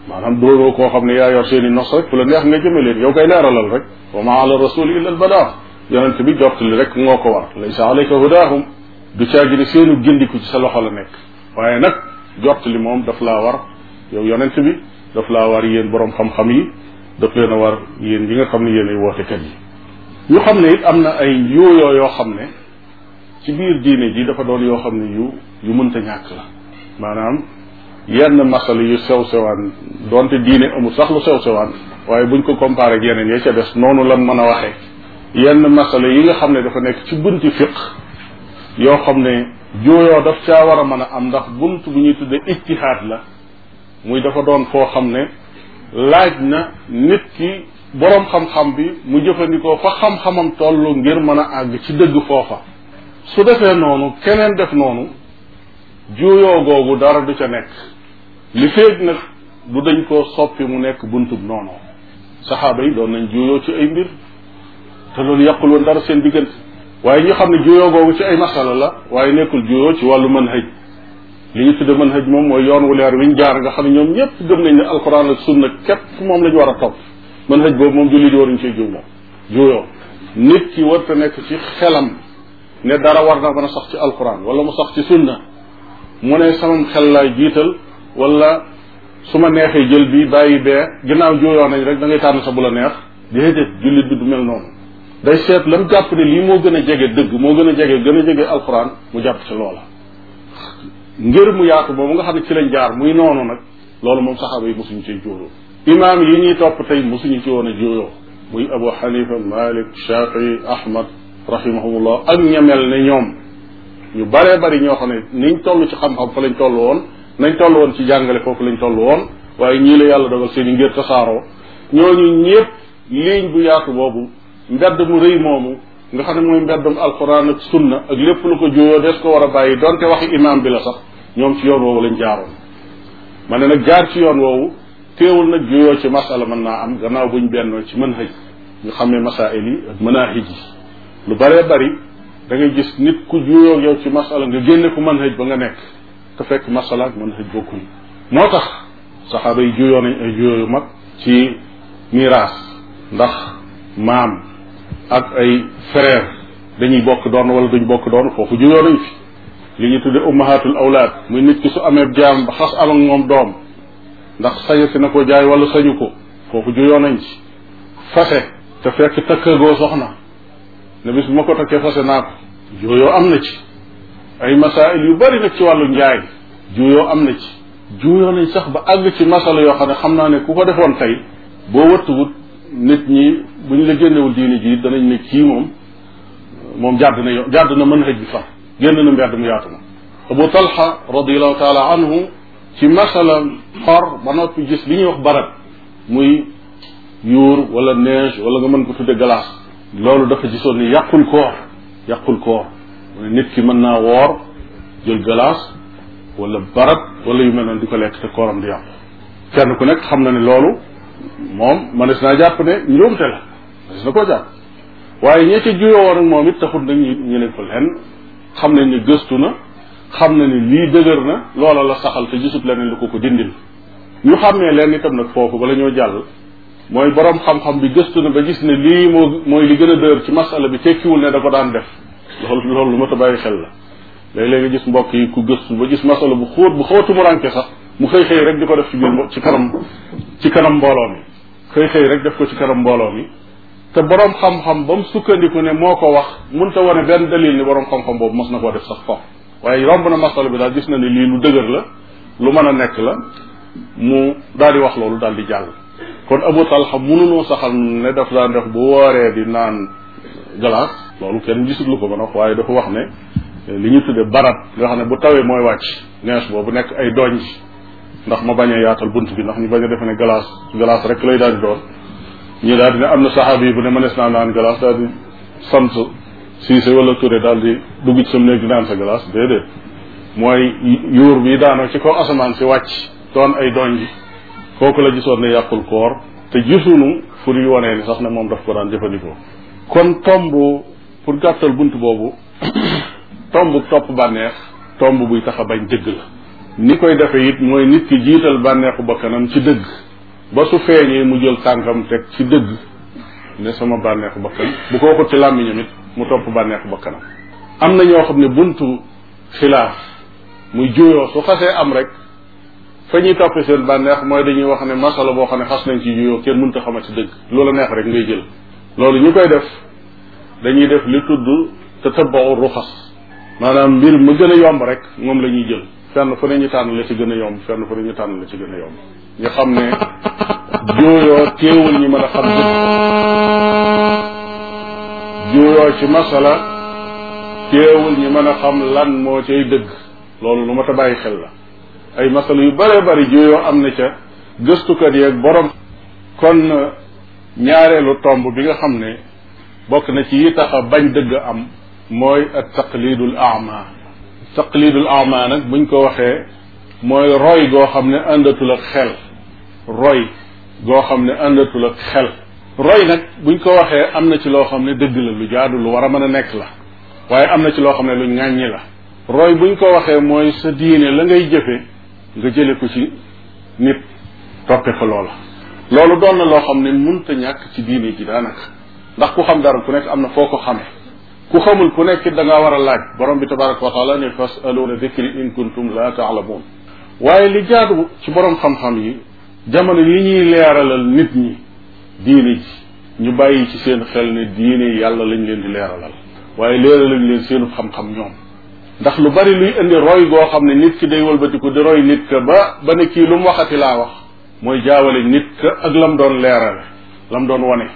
maanaam dooloo koo xam ne yaa yor seen i nos rek fu la neex nga jëme leen yow kay leeralal rek wa ma ala rasul illa albalaa yonente bi jottali rek moo ko war laysa alayka hudaahum du caagi ne seenu gindiku ci sa loxo la nekk waaye nag jottali moom daf laa war yow yonent bi daf laa war yéen borom xam-xam yi daf leen a war yéen ñi nga xam ne yéen ay wootekat yi ñu xam ne it am na ay yooyoo yoo xam ne ci biir diine ji dafa doon yoo xam ne yu yu mënta ñàkk la maanaam yenn masala yu sew sewaan donte diine amul sax lu sew sewaan waaye buñ ko comparé ak yeneen ya ca des noonu lan mën a waxee yenn masala yi nga xam ne dafa nekk ci bunti fiq yoo xam ne jooyoo daf caa war a mën a am ndax bunt bu ñuy tuddee ijtihaad la muy dafa doon foo xam ne laaj na nit ki boroom xam-xam bi mu jëfandikoo fa xam-xamam toll ngir mën a àgg ci dëgg foofa su defee noonu keneen def noonu juuyoo googu dara du ca nekk li féeg nag du dañ ko soppi mu nekk buntub noonu saxaaba yi doon nañ juuyoo ci ay mbir te loolu yàqul woon dara seen diggante waaye ñu xam ne juuyoo googu ci ay masala la waaye nekkul juuyoo ci wàllu manhaj li ñu tudde manhaj moom mooy yoon wu leer wi ñu jaar nga xam ne ñoom ñëpp gëm nañ ne alquran ak sunna képp moom la ñu war a topp manhaj boobu moom jullit waruñ ciy juum juuyoo nit ki war te nekk ci xelam ne dara war na mën a sax ci alquran wala mu sax ci sunna mu ne samam xel laay jiital walla su ma neexee jël bi bàyyi bee ginnaaw jooyoo nañ rek da tànn sa bu la neex déedéet jullit bi du mel noonu day seet lam jàpp ne lii moo gën a jege dëgg moo gën a jege gën a jege alxuraan mu jàpp ci loola ngir mu yaatu mu nga xam ne ci lañ jaar muy noonu nag loolu moom saxaaba yi mosuñu ci jóoyoo imaam yi ñuy topp tey mosuñu ci woon a jóoyoo muy abu xanifa malik shafii ahmad rahimahumullah ak ñamel ne ñoom ñu bare bari ñoo xam ne niñ toll ci xam-xam fa lañ toll woon nañ toll woon ci jàngale foofu lañ toll woon waaye ñii la yàlla dogal seen i ngir tasaaroo ñu ñëpp liiñ bu yaatu boobu mbedd mu rëy moomu nga xam ne mooy mbeddum alquran ak sunna ak lépp lu ko juyoo des ko war a bàyyi donte waxi imaam bi la sax ñoom ci yoon woowu lañ jaaroon ma ne nag jaar ci yoon woowu téewul nag juyoo ci masala mën naa am gannaaw buñ bennoo ci mën hëj ñu xamee masail yi ak mënaahij da ngay gis nit ku juyoog yow ci masala nga génne man manhaj ba nga nekk te fekk masala ak manhaj bokkuñ moo tax saxaaba yi juyoo nañ ay juyoo yu mag ci miraas ndax maam ak ay frère dañuy bokk doon wala duñ bokk doon foofu juyoo nañ fi li ñu tudde ummahatul awlaad muy nit ki su amee jaam ba xas am moom doom ndax sañu si na ko jaay wala sañu ko foofu juyoo nañ ci fase te fekk takkagoo soxna ne bis bu ma ko fase naa ko juuyoo am na ci ay masail yu bari nag ci wàllu njaay juuyoo am na ci juuyoo nañ sax ba àgg ci masala yoo xam ne xam naa ne ku ko defoon tey boo wëttuwut nit ñi buñ la génnewul diini ji danañ ne kii moom moom jàdd na jàdd na mën xëj bi far génn na mbedd mu yaatu na abu talha radiallahu taala anhu ci masala xor ba noppi jis li ñuy wax barab muy yuur wala neige wala nga mën ko tudde glace loolu dafa gisoon ni yàqul koor yàqul koor mu nit ki mën naa woor jël glace walla barab wala yu mel noonu di ko lekk te kooram di yàqu kenn ku nekk xam na ne loolu moom mënees naa jàpp ne njuumte la mënees na koo jàpp waaye ñee ca juyoo woon ak moom it taxut nag ñu ne ko lenn xam nañ ne gëstu na xam na ni lii dëgër na loola la saxal te gisut leneen lu ko ko dindil ñu xam ne leen itam nag foofu bala ñoo jàll mooy borom xam-xam bi gëstu na ba gis ne lii moo mooy li gën a dër ci masala bi tekkiwul ne da ko daan def loolu loolu lu ma ta bàyyi xel la léeg-léeg nga gis mbokk yi ku gëstu ba gis masala bu xóot bu xóotu mu mu xëy xëy rek di ko def ci biir ci kanam ci kanam mbooloo mi xëy xëy rek def ko ci kanam mbooloo mi te borom xam-xam sukkandiku ne moo ko wax mun te wane benn dalil ne borom xam boobu mas na koo def sax foofu waaye romb na masala bi daal gis na ne lii lu dëgër la lu mën a nekk la mu daal di wax loolu daal di jàll kon Abu Talha mënunoo saxal ne daf daan def bu wooree di naan glace loolu kenn gisul lu ko mën waaye dafa wax ne eh, li ñu tudde barat nga xam ne bu tawee mooy wàcc nees boobu nekk ay doñ ndax ma bañ yaatal bunt bi ndax ñu bañ a defe ne glace glace rek lay daal di doon ñu daal di am na saxaaba yi bu ne mënees naa naan glace daal di sant siise wala turé daal di dugg ci sam néeg di naan sa glace déedéet mooy yuur bi daanoo ci ko asamaan si wàcc doon ay doñ kooku la gisoon ne yàqul koor te gisuñu fu ñu wonee ni sax ne moom dafa ko daan jëfandikoo kon tomb pour gàttal bunt boobu tomb topp bànneex tomb buy tax a bañ dëgg la ni koy defe it mooy nit ki jiital bànneexu bakkanam ci dëgg ba su feeñee mu jël tànkam teg ci dëgg ne sama bànneexu bakkan bu ko waxut ci làmmiñam it mu topp bànneexu bakkanam am na ñoo xam ne buntu xilaaf muy juyoo su xasee am rek fa ñuy toppee seen bànneex mooy dañuy wax ne masala boo xam ne xas nañ ci juyoo kenn mënta xamati dëgg loola neex rek ngay jël loolu ñu koy def dañuy def li tudd te tabaxu ruxas maanaam mbir ma gën a yomb rek moom la ñuy jël fenn fu ne ñu tànn la ci gën a yomb fenn fu ne ñu tànn la ci gën a yomb ñu xam ne juyoo teewul ñu mën a xam dëgg juyoo ci masala teewul ñu mën a xam lan moo cay dëgg loolu lu ma ta bàyyi xel la ay masala yu bëree bëri juyoo am na ca gëstukat yeeg borom. kon ñaareelu tomb bi nga xam ne bokk na ci yi tax a bañ dëgg am mooy at taqlidul ama taqlidul ama nag buñ ko waxee mooy roy goo xam ne àndatul ak xel roy goo xam ne àndatul xel roy nag buñ ko waxee am na ci loo xam ne dëgg la lu jaadu lu war a mën a nekk la waaye am na ci loo xam ne lu ñàññi la roy buñ ko waxee mooy sa diine la ngay jëfe nga jële ko ci nit toppe ko loola loolu doon na loo xam ne munta ñàkk ci diine ji daanaka ndax ku xam dara ku nekk am na foo ko xame ku xamul ku nekk da ngaa war a laaj borom bi tabaraka wa taala ne fasaluuna dikri in kuntum la taalamuun waaye li jaadu ci borom xam-xam yi jamono yi ñuy leeralal nit ñi diine ji ñu bàyyi ci seen xel ne diine yàlla lañu leen di leeralal waaye leeralañ leen seenu xam-xam ñoom ndax lu bari luy indi roy goo xam ne nit ki day wëlbatiku di roy nit ka ba ba ne kii lu mu waxati laa wax mooy jaawale nit ka ak lam doon leerale lam doon wane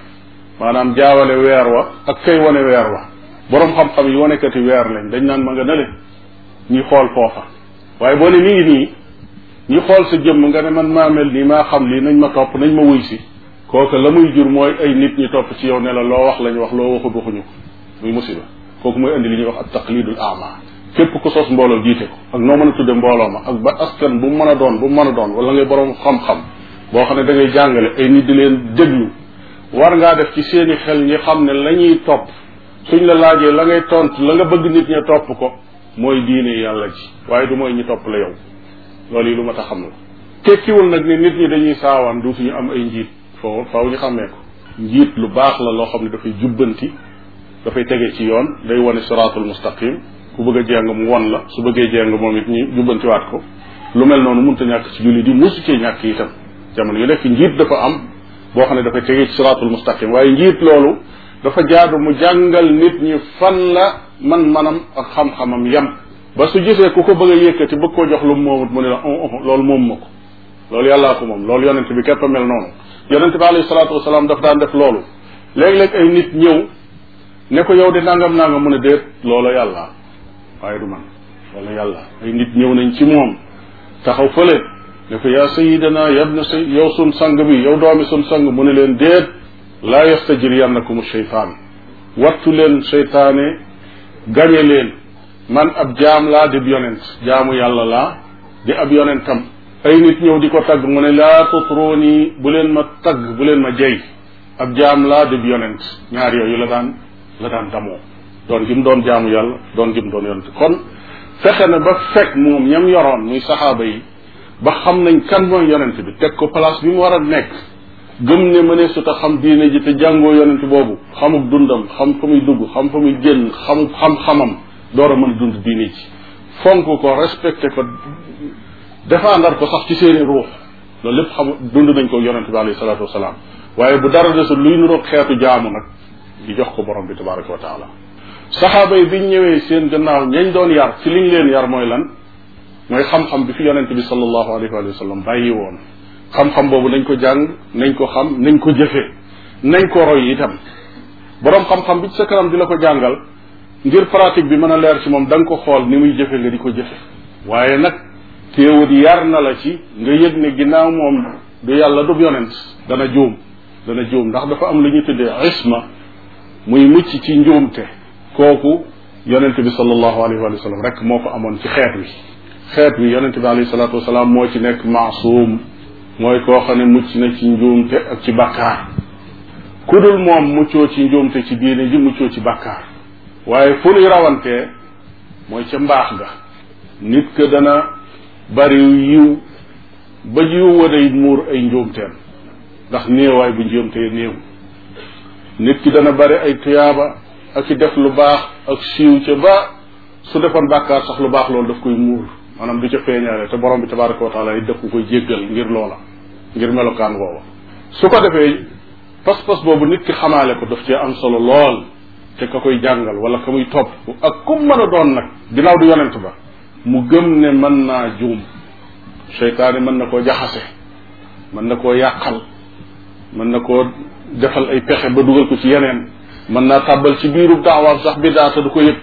maanaam jaawale weer wa ak kay wane weer wa boroom xam-xam yi wanekati weer lañ dañ naan ma nga ne leen ñuy xool foofa waaye boo ne mi ngi nii ñi xool sa jëmm nga ne man maa mel nii maa xam lii nañ ma topp nañ ma wuy si kooku la muy jur mooy ay nit ñi topp ci yow ne la loo wax lañ wax loo waxuñu ko muy indi li ñuy wax ab taqlidul ama képp ku sos mbooloo jiite ko ak noo mën a tudde mbooloo ma ak ba askan bu mën a doon bu mën a doon wala ngay borom xam-xam boo xam ne dangay jàngale ay nit di leen déglu war ngaa def ci seeni xel ñi xam ne lañuy ñuy topp suñ la laajee la ngay tontu la nga bëgg nit ña topp ko mooy diine yàlla ji waaye du mooy ñu topp la yow loolu yi lu ma ta xam la tekkiwul nag ne nit ñi dañuy saawaan duutu ñu am ay njiit foofu faaw ñu xàmmee ko njiit lu baax la loo xam ne dafay jubbanti dafay tege ci yoon day wane siraatul mustaqim ku bëgg a jeng mu won la su bëggee jeng moom it ñu jubbantiwaat ko lu mel noonu mënta ñàkk ci jullit yi mosu cee ñàkk itam jamono yu nekk njiit dafa am boo xam ne dafa tege ci siraatul mustaqim waaye njiit loolu dafa jaadu mu jàngal nit ñi fan la man-manam ak xam-xamam yam ba su gisee ku ko bëgg a yëkkati bëgg koo jox lu mu moomut mu ne la oh, oh, oh, loolu moom ma ko loolu yàllaa ko moom loolu yonent bi képp a mel noonu yonent bi alayhi salaatu wasalaam daf daan def loolu léeg-léeg ay nit ñëw ne yow de nangam nangam mu ne déet loola yàlla waaye du man wala yàlla ay nit ñëw nañ ci moom taxaw fële ne ko yaa sayidana yabna say yow sun sang bi yow doomi sun sang mu ne leen déet laa yastajir yannakum cheytaan wattu leen cheytaane gañe leen man ab jaam laa dib yonent jaamu yàlla laa di ab yonentam ay nit ñëw di ko tagg mu ne laa tutruni bu leen ma tagg bu leen ma jey ab jaam laa dib yonent ñaar yooyu la daan la daan damoo doon gi mu doon jaamu yàlla doon gi mu doon yonent kon fexe na ba fekk moom ñam yoroon muy saxaaba yi ba xam nañ kan mooy yonent bi teg ko palaas bi mu war a nekk gëm ne mënee su ta xam diine ji te jàngoo yonent boobu xamuk dundam xam fa muy dugg xam fa muy génn xamuk xam-xamam door a mën dund diine ji fonk ko respecté ko défendre ko sax ci seeni ruux loolu lépp xam dund nañ ko yonent bi alayhi salaatu wasalaam waaye bu dara desul luy nuroog xeetu jaamu nag di jox ko borom bi tabaraka wa saxaaba yi ñu ñëwee seen gannaaw ñañ doon yar ci liñ leen yar mooy lan mooy xam-xam bi fi yonent bi sallallahu alayhi wa sallam bàyyi woon xam-xam boobu nañ ko jàng nañ ko xam nañ ko jëfe nañ ko roy itam boroom xam-xam bi ci sa kanam di la ko jàngal ngir pratique bi mën a leer ci moom da nga ko xool ni muy jëfe nga di ko jëfe waaye nag téewut yar na la ci nga yëg ne ginnaaw moom du yàlla du yonent dana juum dana juum ndax dafa am lu ñu tuddee isma muy mucc ci njuumte kooku yonent bi sallallahu alayhi wa sallam rek moo ko amoon ci xeet wi xeet wi yonent bi alayhi salaatu wasalaam moo ci nekk maasuum mooy koo xam ne mucc na ci njuumte ak ci bàkkaar ku dul moom muccoo ci njuumte ci diine ji muccoo ci bàkkaar waaye fu nuy rawantee mooy ca mbaax ga nit ka dana bari yiw ba yiw wa day muur ay njuumteem ndax néewaay bu njuumtee néew nit ki dana bari ay tuyaaba ak ci def lu baax ak siiw ca ba su defoon bàkkaar sax lu baax loolu daf koy muur maanaam du ca feeñaale te borom bi tabaraka wa taala yi ko koy jéggal ngir loola ngir melokaan woowa su ko defee pas-pas boobu nit ki xamaale ko daf cee am solo lool te ka koy jàngal wala ka muy topp ak kum mën a doon nag ginnaaw du yonent ba mu gëm ne mën naa juum seytaane mën na koo jaxase mën na koo yàqal mën na koo defal ay pexe ba dugal ko ci yeneen mën naa tàbbal ci biirub daawaam sax bi daata du ko yëg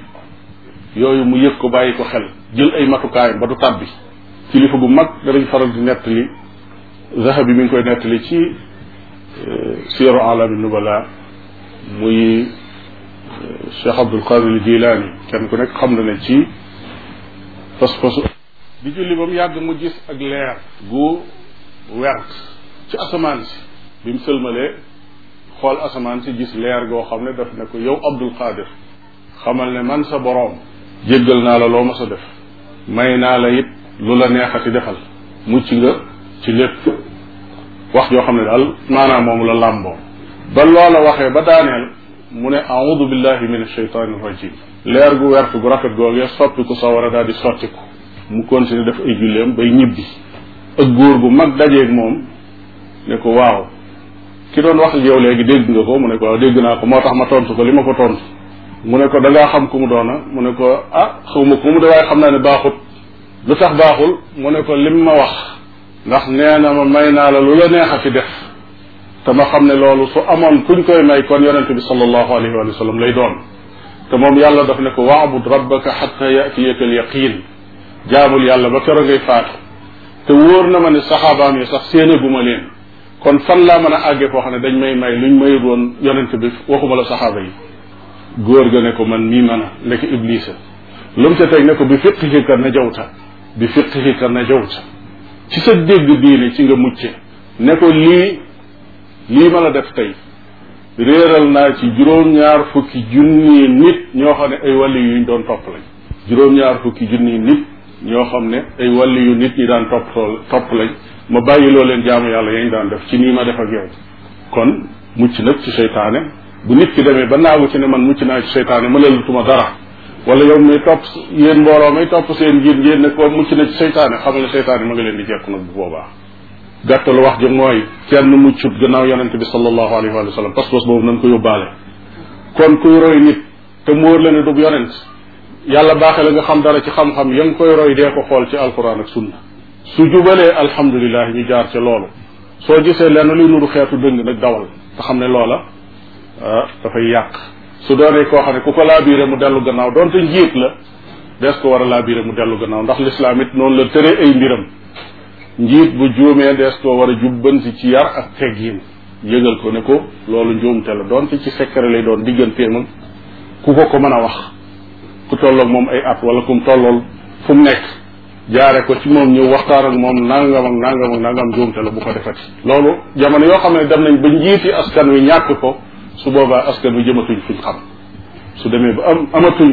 yooyu mu yëg ko bàyyi ko xel jël ay matukaayam ba du tàbbi kilifa bu mag danañ faral di nettali zahabi mi ngi koy nettali ci eh, siiru alami nubala muy eh, cheikh abdul qadir jilaani kenn ku nekk xam na ne ci pas-pasu di julli ba mu yàgg mu gis ak leer gu wert ci asamaan si bi mu sëlmalee xool asamaan si gis leer goo xam ne daf ne ko yow Abdul Qadir xamal ne man sa boroom jéggal naa la loo ma sa def may naa la it lu la neexati defal mucc nga ci lépp wax joo xam ne daal maanaam moomu la làmboo ba loola waxee ba daaneel mu ne audu billahi min ashaytani rajim leer gu wert gu rafet googee soppi ko sawara daal di sotti ko mu continuer def ay julleem bay ñibbi ak guur gu mag dajeeg moom ne ko waaw ki doon wax ak yow léegi dégg nga ko mu ne ko dégg ko moo tax ma tontu ko li ma ko tontu mu ne ko da ngaa xam ku mu doona mu ne ko ah xaw ma ku mu de waaye xam naa ne baaxut lu sax baaxul mu ne ko lim ma wax ndax nee na ma may naa la lu la neex a fi def te ma xam ne loolu su amoon kuñ koy may kon yonente bi sallallahu alayhi wa sallam lay doon te moom yàlla daf ne ko waabud rabbaka xatta yatiyaka al yaqin jaamul yàlla ba keroog ngay faatu te wóor na ma ne saxaabaam yi sax séenaguma leen kon fan laa mën a àggee foo xam ne dañ may may luñ mayul woon yonent bi waxuma la saxaaba yi góor ga ne ko man mii man a nekk iblisa lu mu ca teg ne ko bi fiqhi ka najawta bi fiqhi ka najawta ci sa dégg diine ci nga mucce ne ko lii lii ma la def tey réeral naa ci juróom-ñaar fukki junni nit ñoo xam ne ay wàlli yuñ doon topp lañ juróom-ñaar fukki junni nit ñoo xam ne ay wàlli yu nit ñi daan topp topp lañ ma loo leen jaamu yàlla yañ daan def ci nii ma def ak yow kon mucc nag ci seytaane bu nit ki demee ba naagu ci ne man mucc naa ci seytaane ma mënalatuma dara wala yow may topp yéen mbooloo may topp seen njiit ngeen ne ko mucc na ci seytaane xamal ne seytaane ma nga leen di jekku nag bu boobaa gàttalu wax ji mooy kenn muccut gannaaw yonente bi sallallahu alayhi wa sallam pas-pas boobu nañ ko yóbbaale kon kuy roy nit te móor la ne du yonent yàlla baaxe la nga xam dara ci xam-xam koy roy dee ko xool ci alquran ak su jubalee alhamdulilah ñu jaar ca loolu soo gisee lenn luy nuru xeetu dëng nag dawal te xam ne loola ah, dafay yàq su doonee koo xam ne ku ko laabiire mu dellu gannaaw doonte njiit la des ko war a laabiire mu dellu gannaaw ndax lislaam it noonu la tëre ay mbiram njiit bu juumee des koo war a jubbanti ci yar ak teggiin yëgal ko ne ko loolu njuumte la doonte ci secret lay doon digganteem ak ku ko ko mën a wax ku tolloog moom ay at wala ku mu tollool fu jaare ko ci moom ñëw waxtaan ak moom nangam ak nangam ak nangam juumte la bu ko defati loolu jamono yoo xam ne dem nañ ba njiiti askan wi ñàkk ko su boobaa askan wi jëmatuñ fuñ xam su demee ba am amatuñ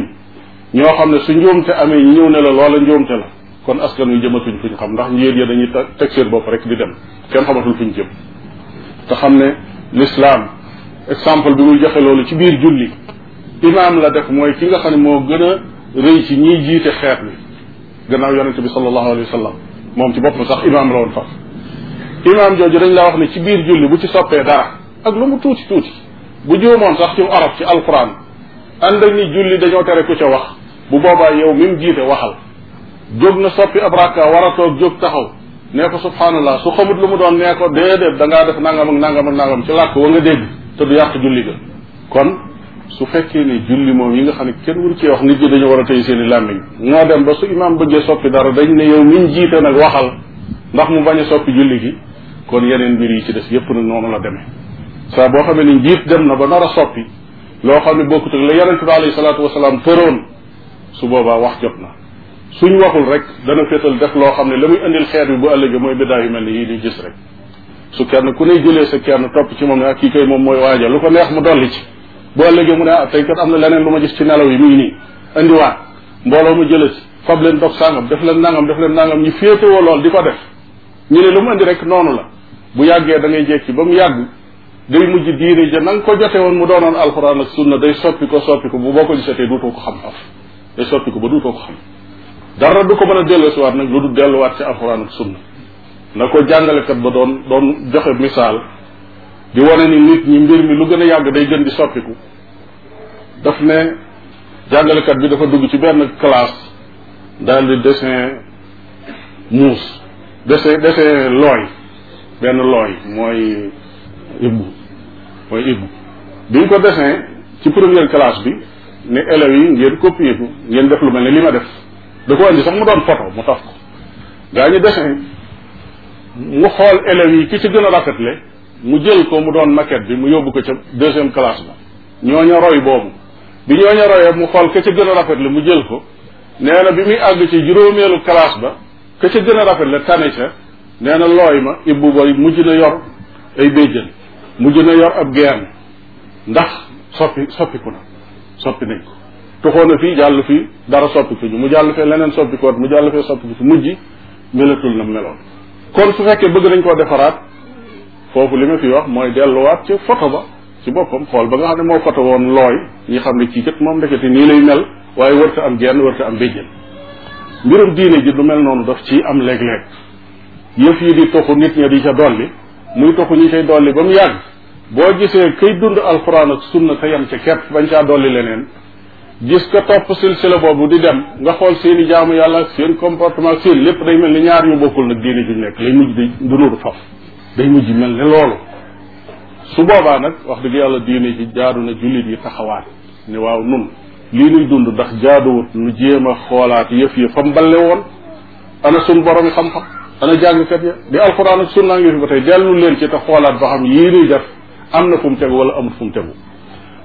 ñoo xam ne su njuumte amee ñëw ne la loola njuumte la kon askan wi jëmatuñ fuñ xam ndax njiit ya dañuy teg seen bopp rek di dem kenn xamatul fu ñu jëm te xam ne l'islam exemple bi muy joxe loolu ci biir julli imaam la def mooy ki nga xam ne moo gën a ci ñiy jiite xeet bi gannaaw yonente bi sallallahu alayhi wa sallam moom ci boppam sax imaam la woon faf imaam jooju dañ laa wax ne ci biir julli bu ci soppee dara ak lu mu tuuti tuuti bu moon sax ci arab ci alquran ànd ak ni julli ñoo tere ku ca wax bu boobaa yow mi mu jiite waxal jóg na soppi ab rakka war a toog jóg taxaw nee ko subhanallah su xamut lu mu doon nee ko déedéet da ngaa def nangam ak nangam ak nangam ci làkk wa nga dégg te du yàq julli ga su fekkee ne julli moom yi nga xam ne kenn wuñ cee wax nit ñi dañu war a tey seen i làmmiñ moo dem ba su imaam bëggee soppi dara dañ ne yow miñ jiite nag waxal ndax mu bañ a soppi julli gi kon yeneen mbir yi ci des yëpp nag noonu la demee saa boo xam ne njiit dem na ba nar soppi loo xam ne bokkut ak la yonente bi alayhi salaatu wasalaam tëroon su boobaa wax jot na suñ waxul rek dana féetal def loo xam ne la muy indil xeet bi bu ëllëgee mooy biddaa yu mel ni yii di gis rek su kenn ku ne jëlee sa kenn topp ci moom ne ak kii kay moom mooy waaja lu ko neex mu dolli ci boo ëllëgee mu ne ah am na leneen lu ma gis ci nelaw yi muy ngi nii indiwaat mbooloo mu jëlee ci fab leen dog sàngam def leen nangam def leen nangam ñi féetewoo lool di ko def ñu ne lu mu indi rek noonu la bu yàggee da ngay jekki ba mu yàgg day mujj diine ja na nga ko jote woon mu doonoon alxuraan ak sunna day soppi ko soppi ko bu boo ko gisatee duutoo ko xam af day ko ba duutoo ko xam dara du ko mën a delloosiwaat nag lu du delluwaat si alxuraan ak sunna na ko jàngalekat ba doon doon joxe misaal di wane ni nit ñi mbir mi lu gën a yàgg day gën di soppiku daf ne jàngalekat bi dafa dugg ci benn classe daal di dessin muus dessin dessin looy benn looy mooy ibbu mooy ibbu bi ñu ko dessin ci première classe bi ne élèves yi ngeen copier ngeen def lu mel ne li ma def da ko indi sax mu doon photo mu taf ko gaa ñu dessin mu xool élèves yi ki ci gën a rafetle mu jël ko mu doon maquette bi mu yóbbu ko ca deuxième classe ba ñooña roy boobu bi ñooña royee mu xool ka ca gën a rafet la mu jël ko nee na bi muy àgg ci juróomeelu classe ba ka ca gën a rafet la tane ca nee na looy ma bu ba mujj na yor ay béjjën mujj na yor ab geen ndax soppi soppiku na soppi nañ ko tuxoon na fii jàll fii dara soppiku ñu mu jàll fee leneen soppikoot mu jàll fee soppiku fi mujj melatul na meloon kon su fekkee bëgg nañ koo defaraat foofu li ma fi wax mooy delluwaat ci photo ba ci boppam xool ba nga xam ne moo photo woon looy ñi xam ne kii kat moom ndekete nii lay mel waaye wërta am genn wërta am béjjën mbirum diine ji lu mel noonu daf ci am léeg-léeg yëf yi di toxu nit ña di ca dolli muy toxu ñi say dolli ba mu yàgg boo gisee kay dund alxuraan ak sunna te yam ca kepp bañ caa dolli leneen gis ko topp silsila boobu di dem nga xool seen jaamu yàlla seen comportement seen lépp day mel ni ñaar yu bokkul nag diine ju nekk lay mujj di du nuru faf day mujj mel ne loolu su boobaa nag wax dëgg yàlla diine ji jaadu na jullit yi taxawaat ne waaw nun lii nuy dund ndax jaaduwut nu jéem a xoolaat yëf yi fa mu balle woon ana sun borom yi xam-xam ana jàngkat ya di alxuraan ak sunna ngi fi ba tey dellu leen ci te xoolaat ba xam yii nuy def am na fu mu tegu wala amul fu mu tegu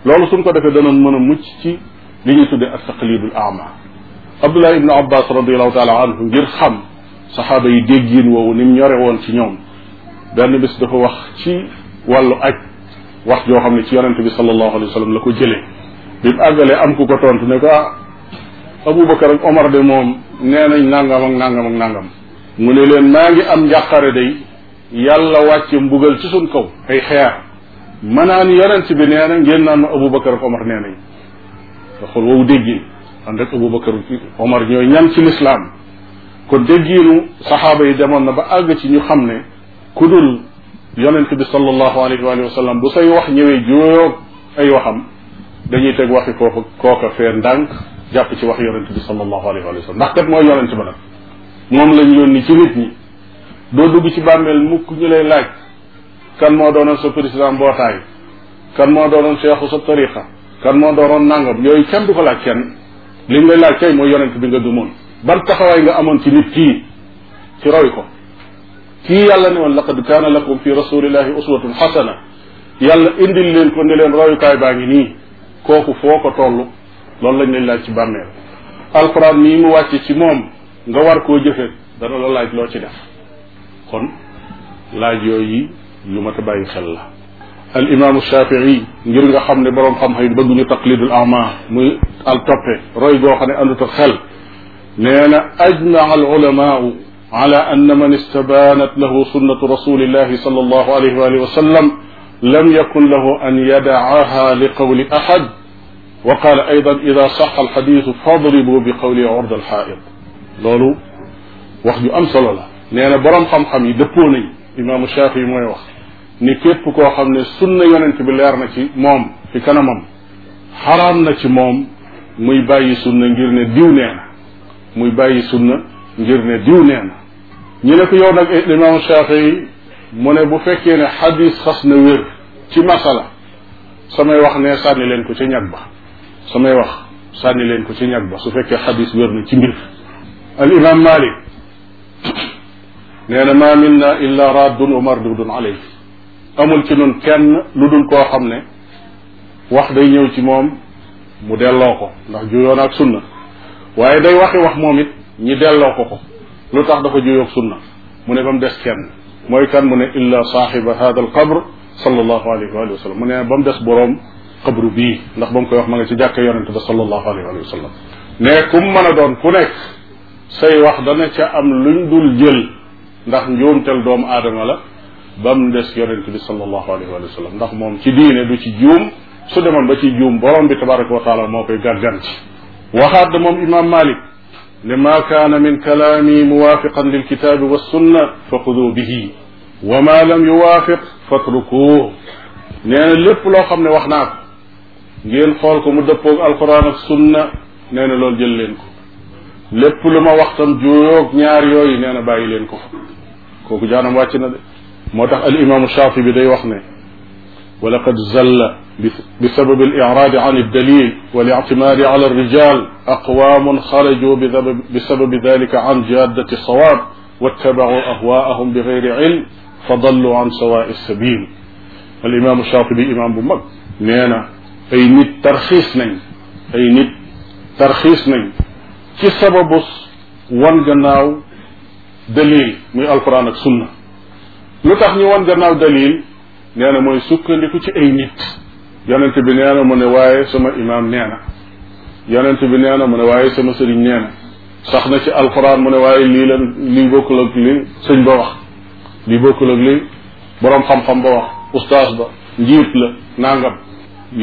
loolu suñ ko defee danañ mën a mucc ci li ñuy tuddee ak taqlidul ama abdullah ibnu abbas radiallahu taala anhu ngir xam saxaaba yi déggiin woowu ni mu ñore woon ci ñoom benn bis dafa wax ci wàllu aj wax joo xam ne ci yonente bi sallallahu alayhi wa sallam la ko jëlee bi mu àggalee am ku ko tontu ne ko ah Aboubacar ak Omar de moom nee nañ nangam ak nangam ak nangam mu ne leen maa ngi am njàqare day yàlla wàcce mbugal ci suñ kaw ay xeer ma naan yonent bi nee na ngeen naan ma Aboubacar ak Omar nee nañ nga xool wow déggin ànd ak Aboubacar Omar ñooy ñan ci lislaam kon déggiinu saxaaba yi demoon na ba àgg ci ñu xam ne ku dul yonent bi sallallahu alayhi wa sallam bu say wax ñëwee juyoo ay waxam dañuy teg waxi kooku kooka fee ndànk jàpp ci wax yonent bi sallallahu alayhi wa sallam ndax kat mooy yonent ba nag moom lañ yónni ci nit ñi doo dugg ci bàmmeel mukk ñu lay laaj kan moo doonoon sa président mbootaay kan moo doonoon seexu sa tariqa kan moo doonoon nangam yooyu kenn ko laaj kenn li ñu lay kay mooy yonent bi nga gëmoon ban taxawaay nga amoon ci nit kii ci roy ko kii yàlla ne woon laqad kaana lakum fi rasulillahi uswatun xasana yàlla indil leen ko ne leen royukaay baa ngi nii kooku foo ko toll loolu lañ lay laaj ci bàmmeel alquran nii mu ci moom nga war koo jëfe dana la laaj loo ci def kon laaj yooyu yu mat a bàyyi xel la al imaamu shafii ngir nga xam ne boroom xam-xam yi bëgguñu taqlidul ama muy al toppe roy goo xam ne àndut ak xel nee na ajmaa al ulamaau ala anna man istabanat lahu sunnatu rasulillahi sallallahu alayhi wa alihi wa sallam lam yakun lahu an yadaaha li qawli ahad wa qala aydan ida saxa alxadisu fadribu bi qawli ord alxaid loolu wax ju am solo la nee na boroom xam-xam yi dëppoo nañ imaamu Shafii mooy wax ni képp koo xam ne sunna yonent bi leer na ci moom fi kanamam xaraam na ci moom muy bàyyi sunna ngir ne diw nee na muy bàyyi sunna ngir ne diw nee na ñu ne ko yow nag imaamu Shafii mu ne bu fekkee ne xadis xas na wér ci masala samay wax ne sànni leen ko ci ñag ba samay wax sànni leen ko ci ñag ba su fekkee xadis wér na ci mbir al imam Malik nee na ma minna illa raddun wa mardudun ale amul ci nun kenn lu dul koo xam ne wax day ñëw ci moom mu delloo ko ndax juyoon ak sunna waaye day waxi wax moom it ñi delloo ko ko lu tax dafa juyoog sunna mu ne ba mu des kenn mooy kan mu ne illa saaxiba hada al qabr sallallahu alayhi wa sallam mu ne ba mu des boroom xabru bi ndax bam mu koy wax ma nga ci jàkka yonente ba sallallahu alayhi wa sallam ne kum mën a doon ku nekk say wax dana ca am luñ dul jël ndax njuumtel doomu aadama la ba mu des yonente bi sallallahu alayhi wa sallam ndax moom ci diine ci juum su demoon ba ci juum borom bi tabaraka wa taala moo koy gàgganti waxaat da moom imam malik lima kaana min kalaami muwaafiqan lilkitaabi wassunna fa xuduu bihi wa ma lam yuwaafiq fatrukuuh nee na lépp loo xam ne wax naa ko ngeen xool ko mu dëppoog alquran ak sunna nee na loolu jël leen ko lépp lu ma waxtam juuyoog ñaar yooyu nee na bàyyi leen ko fa kooku jaanam wàcc na de moo tax al imaamu shaafi bi day wax ne wa laqad zalla بسبب الإعراض عن الدليل والاعتماد على الرجال أقوام خرجوا بسبب ذلك عن جادة الصواب واتبعوا أهواءهم بغير علم فضلوا عن سواء السبيل الإمام الشاطبي imaam bu mag nee na ay nit tarxiis nañ ay nit tarxiis nañ ci sababu wan gannaaw dalil muy alquran ak sunna lu tax ñu wan gannaaw dalil nee na mooy sukkandiku ci ay nit yonent bi nee na mu ne waaye sama imaam nee na yonent bi nee na mu ne waaye sama sëriñ nee sax na ci alxuraan mu ne waaye lii lan lii bokkul ak li sëñ ba wax lii bokkul li boroom xam-xam ba wax ba njiit la nangam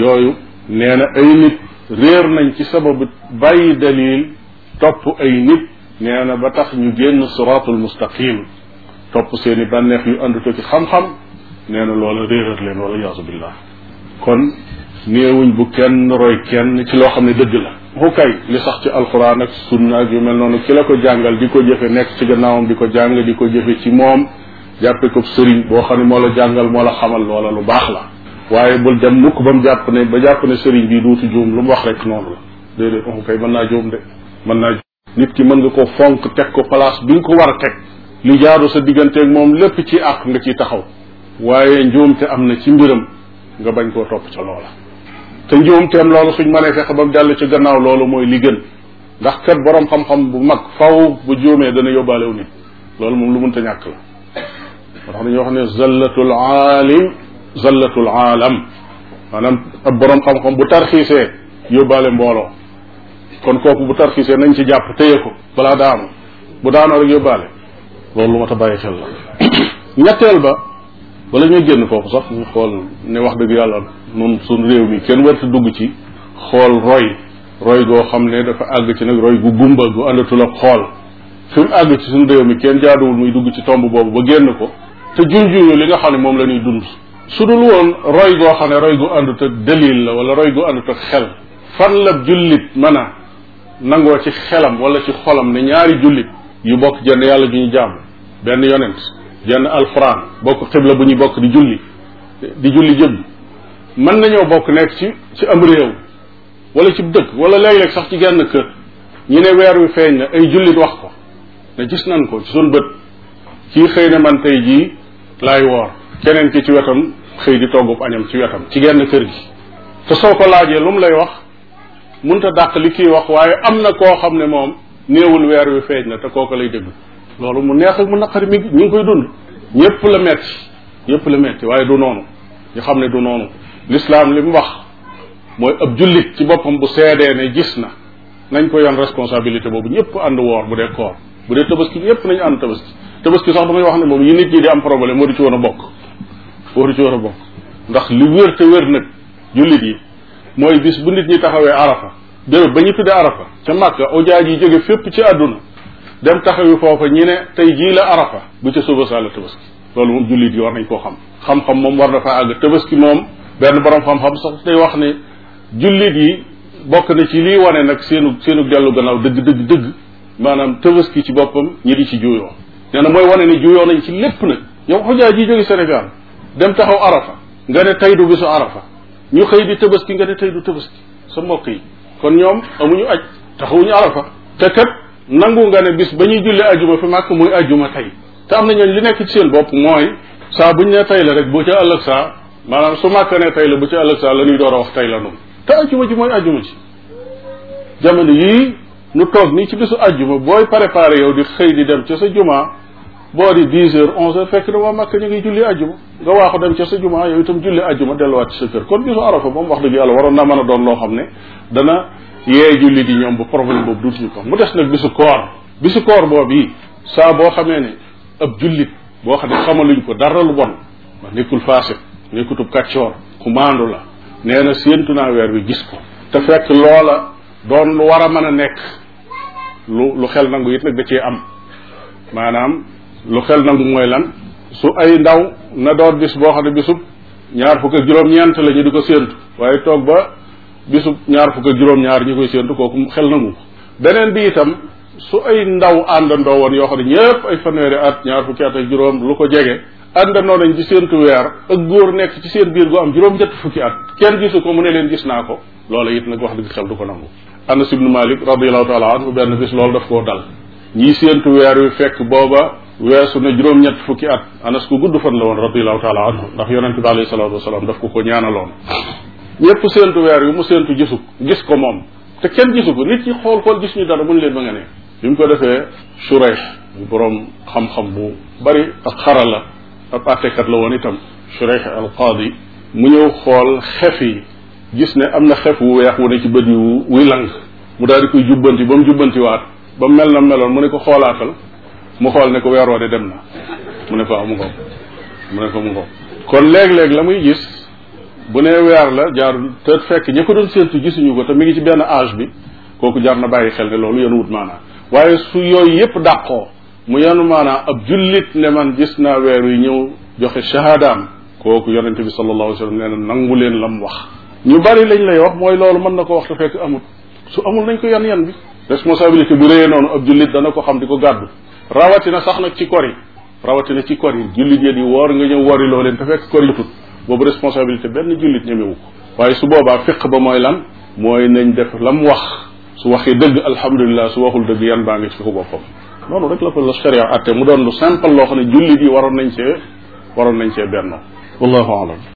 yooyu nee na ay nit réer nañ ci sababu bàyyi dalil topp ay nit nee na ba tax ñu génn siraatul mustaqim topp seen i bànneex yu ànduto ci xam-xam nee na loola réeral leen wala yaasu billah kon néewuñ bu kenn roy kenn ci loo xam ne dëgg la bu kay li sax ci alxuraan ak sunna ak yu mel noonu ki la ko jàngal di ko jëfe nekk ci gannaawam di ko jàng di ko jëfe ci moom jàppe ko sëriñ boo xam ne moo la jàngal moo la xamal loola lu baax la waaye bul dem mukk ba mu jàpp ne ba jàpp ne sëriñ bi duuti juum lu mu wax rek noonu la déedéet bu mën naa juum de mën naa nit ki mën nga ko fonk teg ko place bi nga ko war a teg li jaaru sa digganteeg moom lépp ci nga ciy taxaw waaye njuumte am na ci mbiram nga bañ koo topp ca loola te njuumteem loolu suñ mënee fexe ba mu dellu ci gannaaw loolu mooy liggén ndax kat borom xam-xam bu mag faw bu juumee dana yóbbaalew nit loolu moom lu mënta ñàkk la moo tax dañuy wax ne zallatul aalim zallatul aalam maanaam ab borom xam-xam bu tarxiisee yóbbaale mbooloo kon kooku bu tarxiisee nañ ci jàpp téye ko balaa daanu bu daanoo rek yóbbaale loolu lu ma ta bàyyi xel ba bala ñoo génn foofu sax ñu xool ne wax dëgg yàlla moom suñ réew mi kenn ti dugg ci xool roy roy goo xam ne dafa àgg ci nag roy gu gumba gu àndatul ak xool fi mu àgg ci suñ réew mi kenn jaaduwul muy dugg ci tomb boobu ba génn ko te junjuñu li nga xam ne moom la ñuy dund su dul woon roy goo xam ne roy gu àndut ak dalil la wala roy gu àndut ak xel fan la jullit mën a nangoo ci xelam wala ci xolam ne ñaari jullit yu bokk jënd yàlla ju ñu jàmm benn yonent jenn alxuraan bokk xibla bu ñuy bokk di julli di julli jëm mën nañoo bokk nekk ci ci am réew wala ci dëkk wala léeg-léeg sax ci genn kër ñu ne weer wi feeñ na ay jullit wax ko ne gis nañ ko ci suñ bët kii xëy na man tey jii laay woor keneen ki ci wetam xëy di toggub añam ci wetam ci genn kër gi te soo ko laajee lu mu lay wax munta dàq li kiy wax waaye am na koo xam ne moom néewul weer wi feeñ na te kooku lay déglu loolu mu neex ak mu naqari mi ñu ngi koy dund ñëpp la metti ñëpp la metti waaye du noonu ñu xam ne du noonu lislaam li mu wax mooy ab jullit ci boppam bu seedee ne gis na nañ ko yoon responsabilité boobu ñëpp ànd woor bu dee koor bu dee tabaski ñëpp nañu ànd tabaski tabaski sax damay wax ne moom yi nit ñi di am problème waru ci war a bokk waru ci woon a bokk ndax li wér te wér nag jullit yi mooy bis bu nit ñi taxawee arafa béréb ba ñu tuddee arafa ca màkka ojaaj yi jóge fépp ci àdduna dem taxawi foofa ñi ne tey jii la arafa bu ca suba saa la tabaski loolu moom jullit yi war nañ koo xam xam-xam moom war na faa àgg tabaski moom benn borom xam-xam sax day wax ne jullit yi bokk na ci lii wane nag seenu seenu dellu gannaaw dëgg dëgg dëgg maanaam tabaski ci boppam ñi di ci juuyoo nee na mooy wane ne juuyoo nañ ci lépp nag yow xujaa ji jóge Sénégal dem taxaw arafa nga ne tey du bisu arafa ñu xëy di tabaski nga ne tey du tabaski sa mbokk yi kon ñoom amuñu aj taxawuñu arafa te kat nangu nga ne bis ba ñuy julli ajuma fi màkk muy ajuma tey te am na ñooñ li nekk ci seen bopp mooy saa buñ ne tey la rek bu ca ëllëg saa maanaam su màkk ne tey la bu ca ëllëg saa la ñuy door a wax tey la noonu te ajuma ji mooy ajuma ji jamono yii nu toog nii ci bisu ajuma booy préparé yow di xëy di dem ca sa juma boo di dix heures onze heures fekk na waa màkk ñu ngi julli ajuma nga waaxu dem ca sa juma yow itam julli ajuma delluwaat ci sa kër kon bisu arafa moom wax dëgg yàlla waroon naa mën a loo xam ne yee jullit yi ñoom bu problème boobu dootuñu ko mu des nag bisu koor bisu koor boobu yi saa boo xamee ne ab jullit boo xam ne xamaluñ ko dara lu bon wax nekkul faasik nekkutub kàccoor ku maandu la nee na séentu naa weer wi gis ko te fekk loola doon lu war a mën a nekk lu lu xel nangu it nag da cee am maanaam lu xel nangu mooy lan su ay ndaw na doon bis boo xam ne bisub ñaar fukk ak juróom-ñeent la di ko séentu waaye toog ba bisub ñaar fukk ak juróom-ñaar ñi koy séentu kooku xel nangu ko beneen bi itam su ay ndaw àndandoo woon yoo xam ne ñëpp ay fanweeri at ñaar fukki at ak juróom lu ko jege àndandoo nañ ci séentu weer ak góor nekk ci seen biir gu am juróom-ñett fukki at kenn gisu ko mu ne leen gis naa ko loola it nag wax dëgg xel du ko nangu anas ibnu malik radiallahu taala anhu benn bis loolu daf koo dal ñii séentu weer wi fekk booba weesu na juróom-ñett fukki at an ku gudd fan la woon radiallahu taala anhu ndax yonente bi alayhi salatu ko ko ñaanaloon ñëpp séentu weer yu mu séentu gisu gis ko moom te kenn gisu ko nit ñi xool xool gis ñu dara mu ne leen ba nga ne bi mu ko defee Shurayh boroom xam-xam bu bari ak xarala la ab àttekat la woon itam Shurayh al qaadi mu ñëw xool xef yi gis ne am na xef wu weex wu ne ci bët yu wuy lang mu daal di koy jubbanti ba mu jubbantiwaat ba mel na meloon mu ne ko xoolaatal mu xool ne ko weer wa de dem na mu ne ko amu ngoom mu ne ko mu ngoom kon léeg-léeg la bu nee weer la jaarul te fekk ña ko doon séentu gisuñu ko te mi ngi ci benn âge bi kooku jaar na bàyyi xel ne loolu yenu wut maanaa waaye su yooyu yépp dàqoo mu yenu maanaa ab jullit ne man gis naa weer wi ñëw joxe shahaadaam kooku yonente bi sallallahu alayhi wa sallam nee na nangu leen la mu wax ñu bari lañ lay wax mooy loolu mën na ko wax te fekk amul su amul nañ ko yan yan bi responsabilité bu réyee noonu ab jullit dana ko xam di ko gàddu rawatina sax nag ci kor rawatina ci kor yi jullit yi woor nga ñëw wori leen te fekk kor yi boobu responsabilité benn jullit ñemewu ko waaye su boobaa fiq ba mooy lan mooy nañ def la mu wax su waxee dëgg alhamdulillah su waxul dëgg yan baa ngi ci boppam noonu rek la ko la sharia atte mu doon lu simple loo xam ne jullit yi waroon nañ cee waroon nañ cee bennoo wallahu alam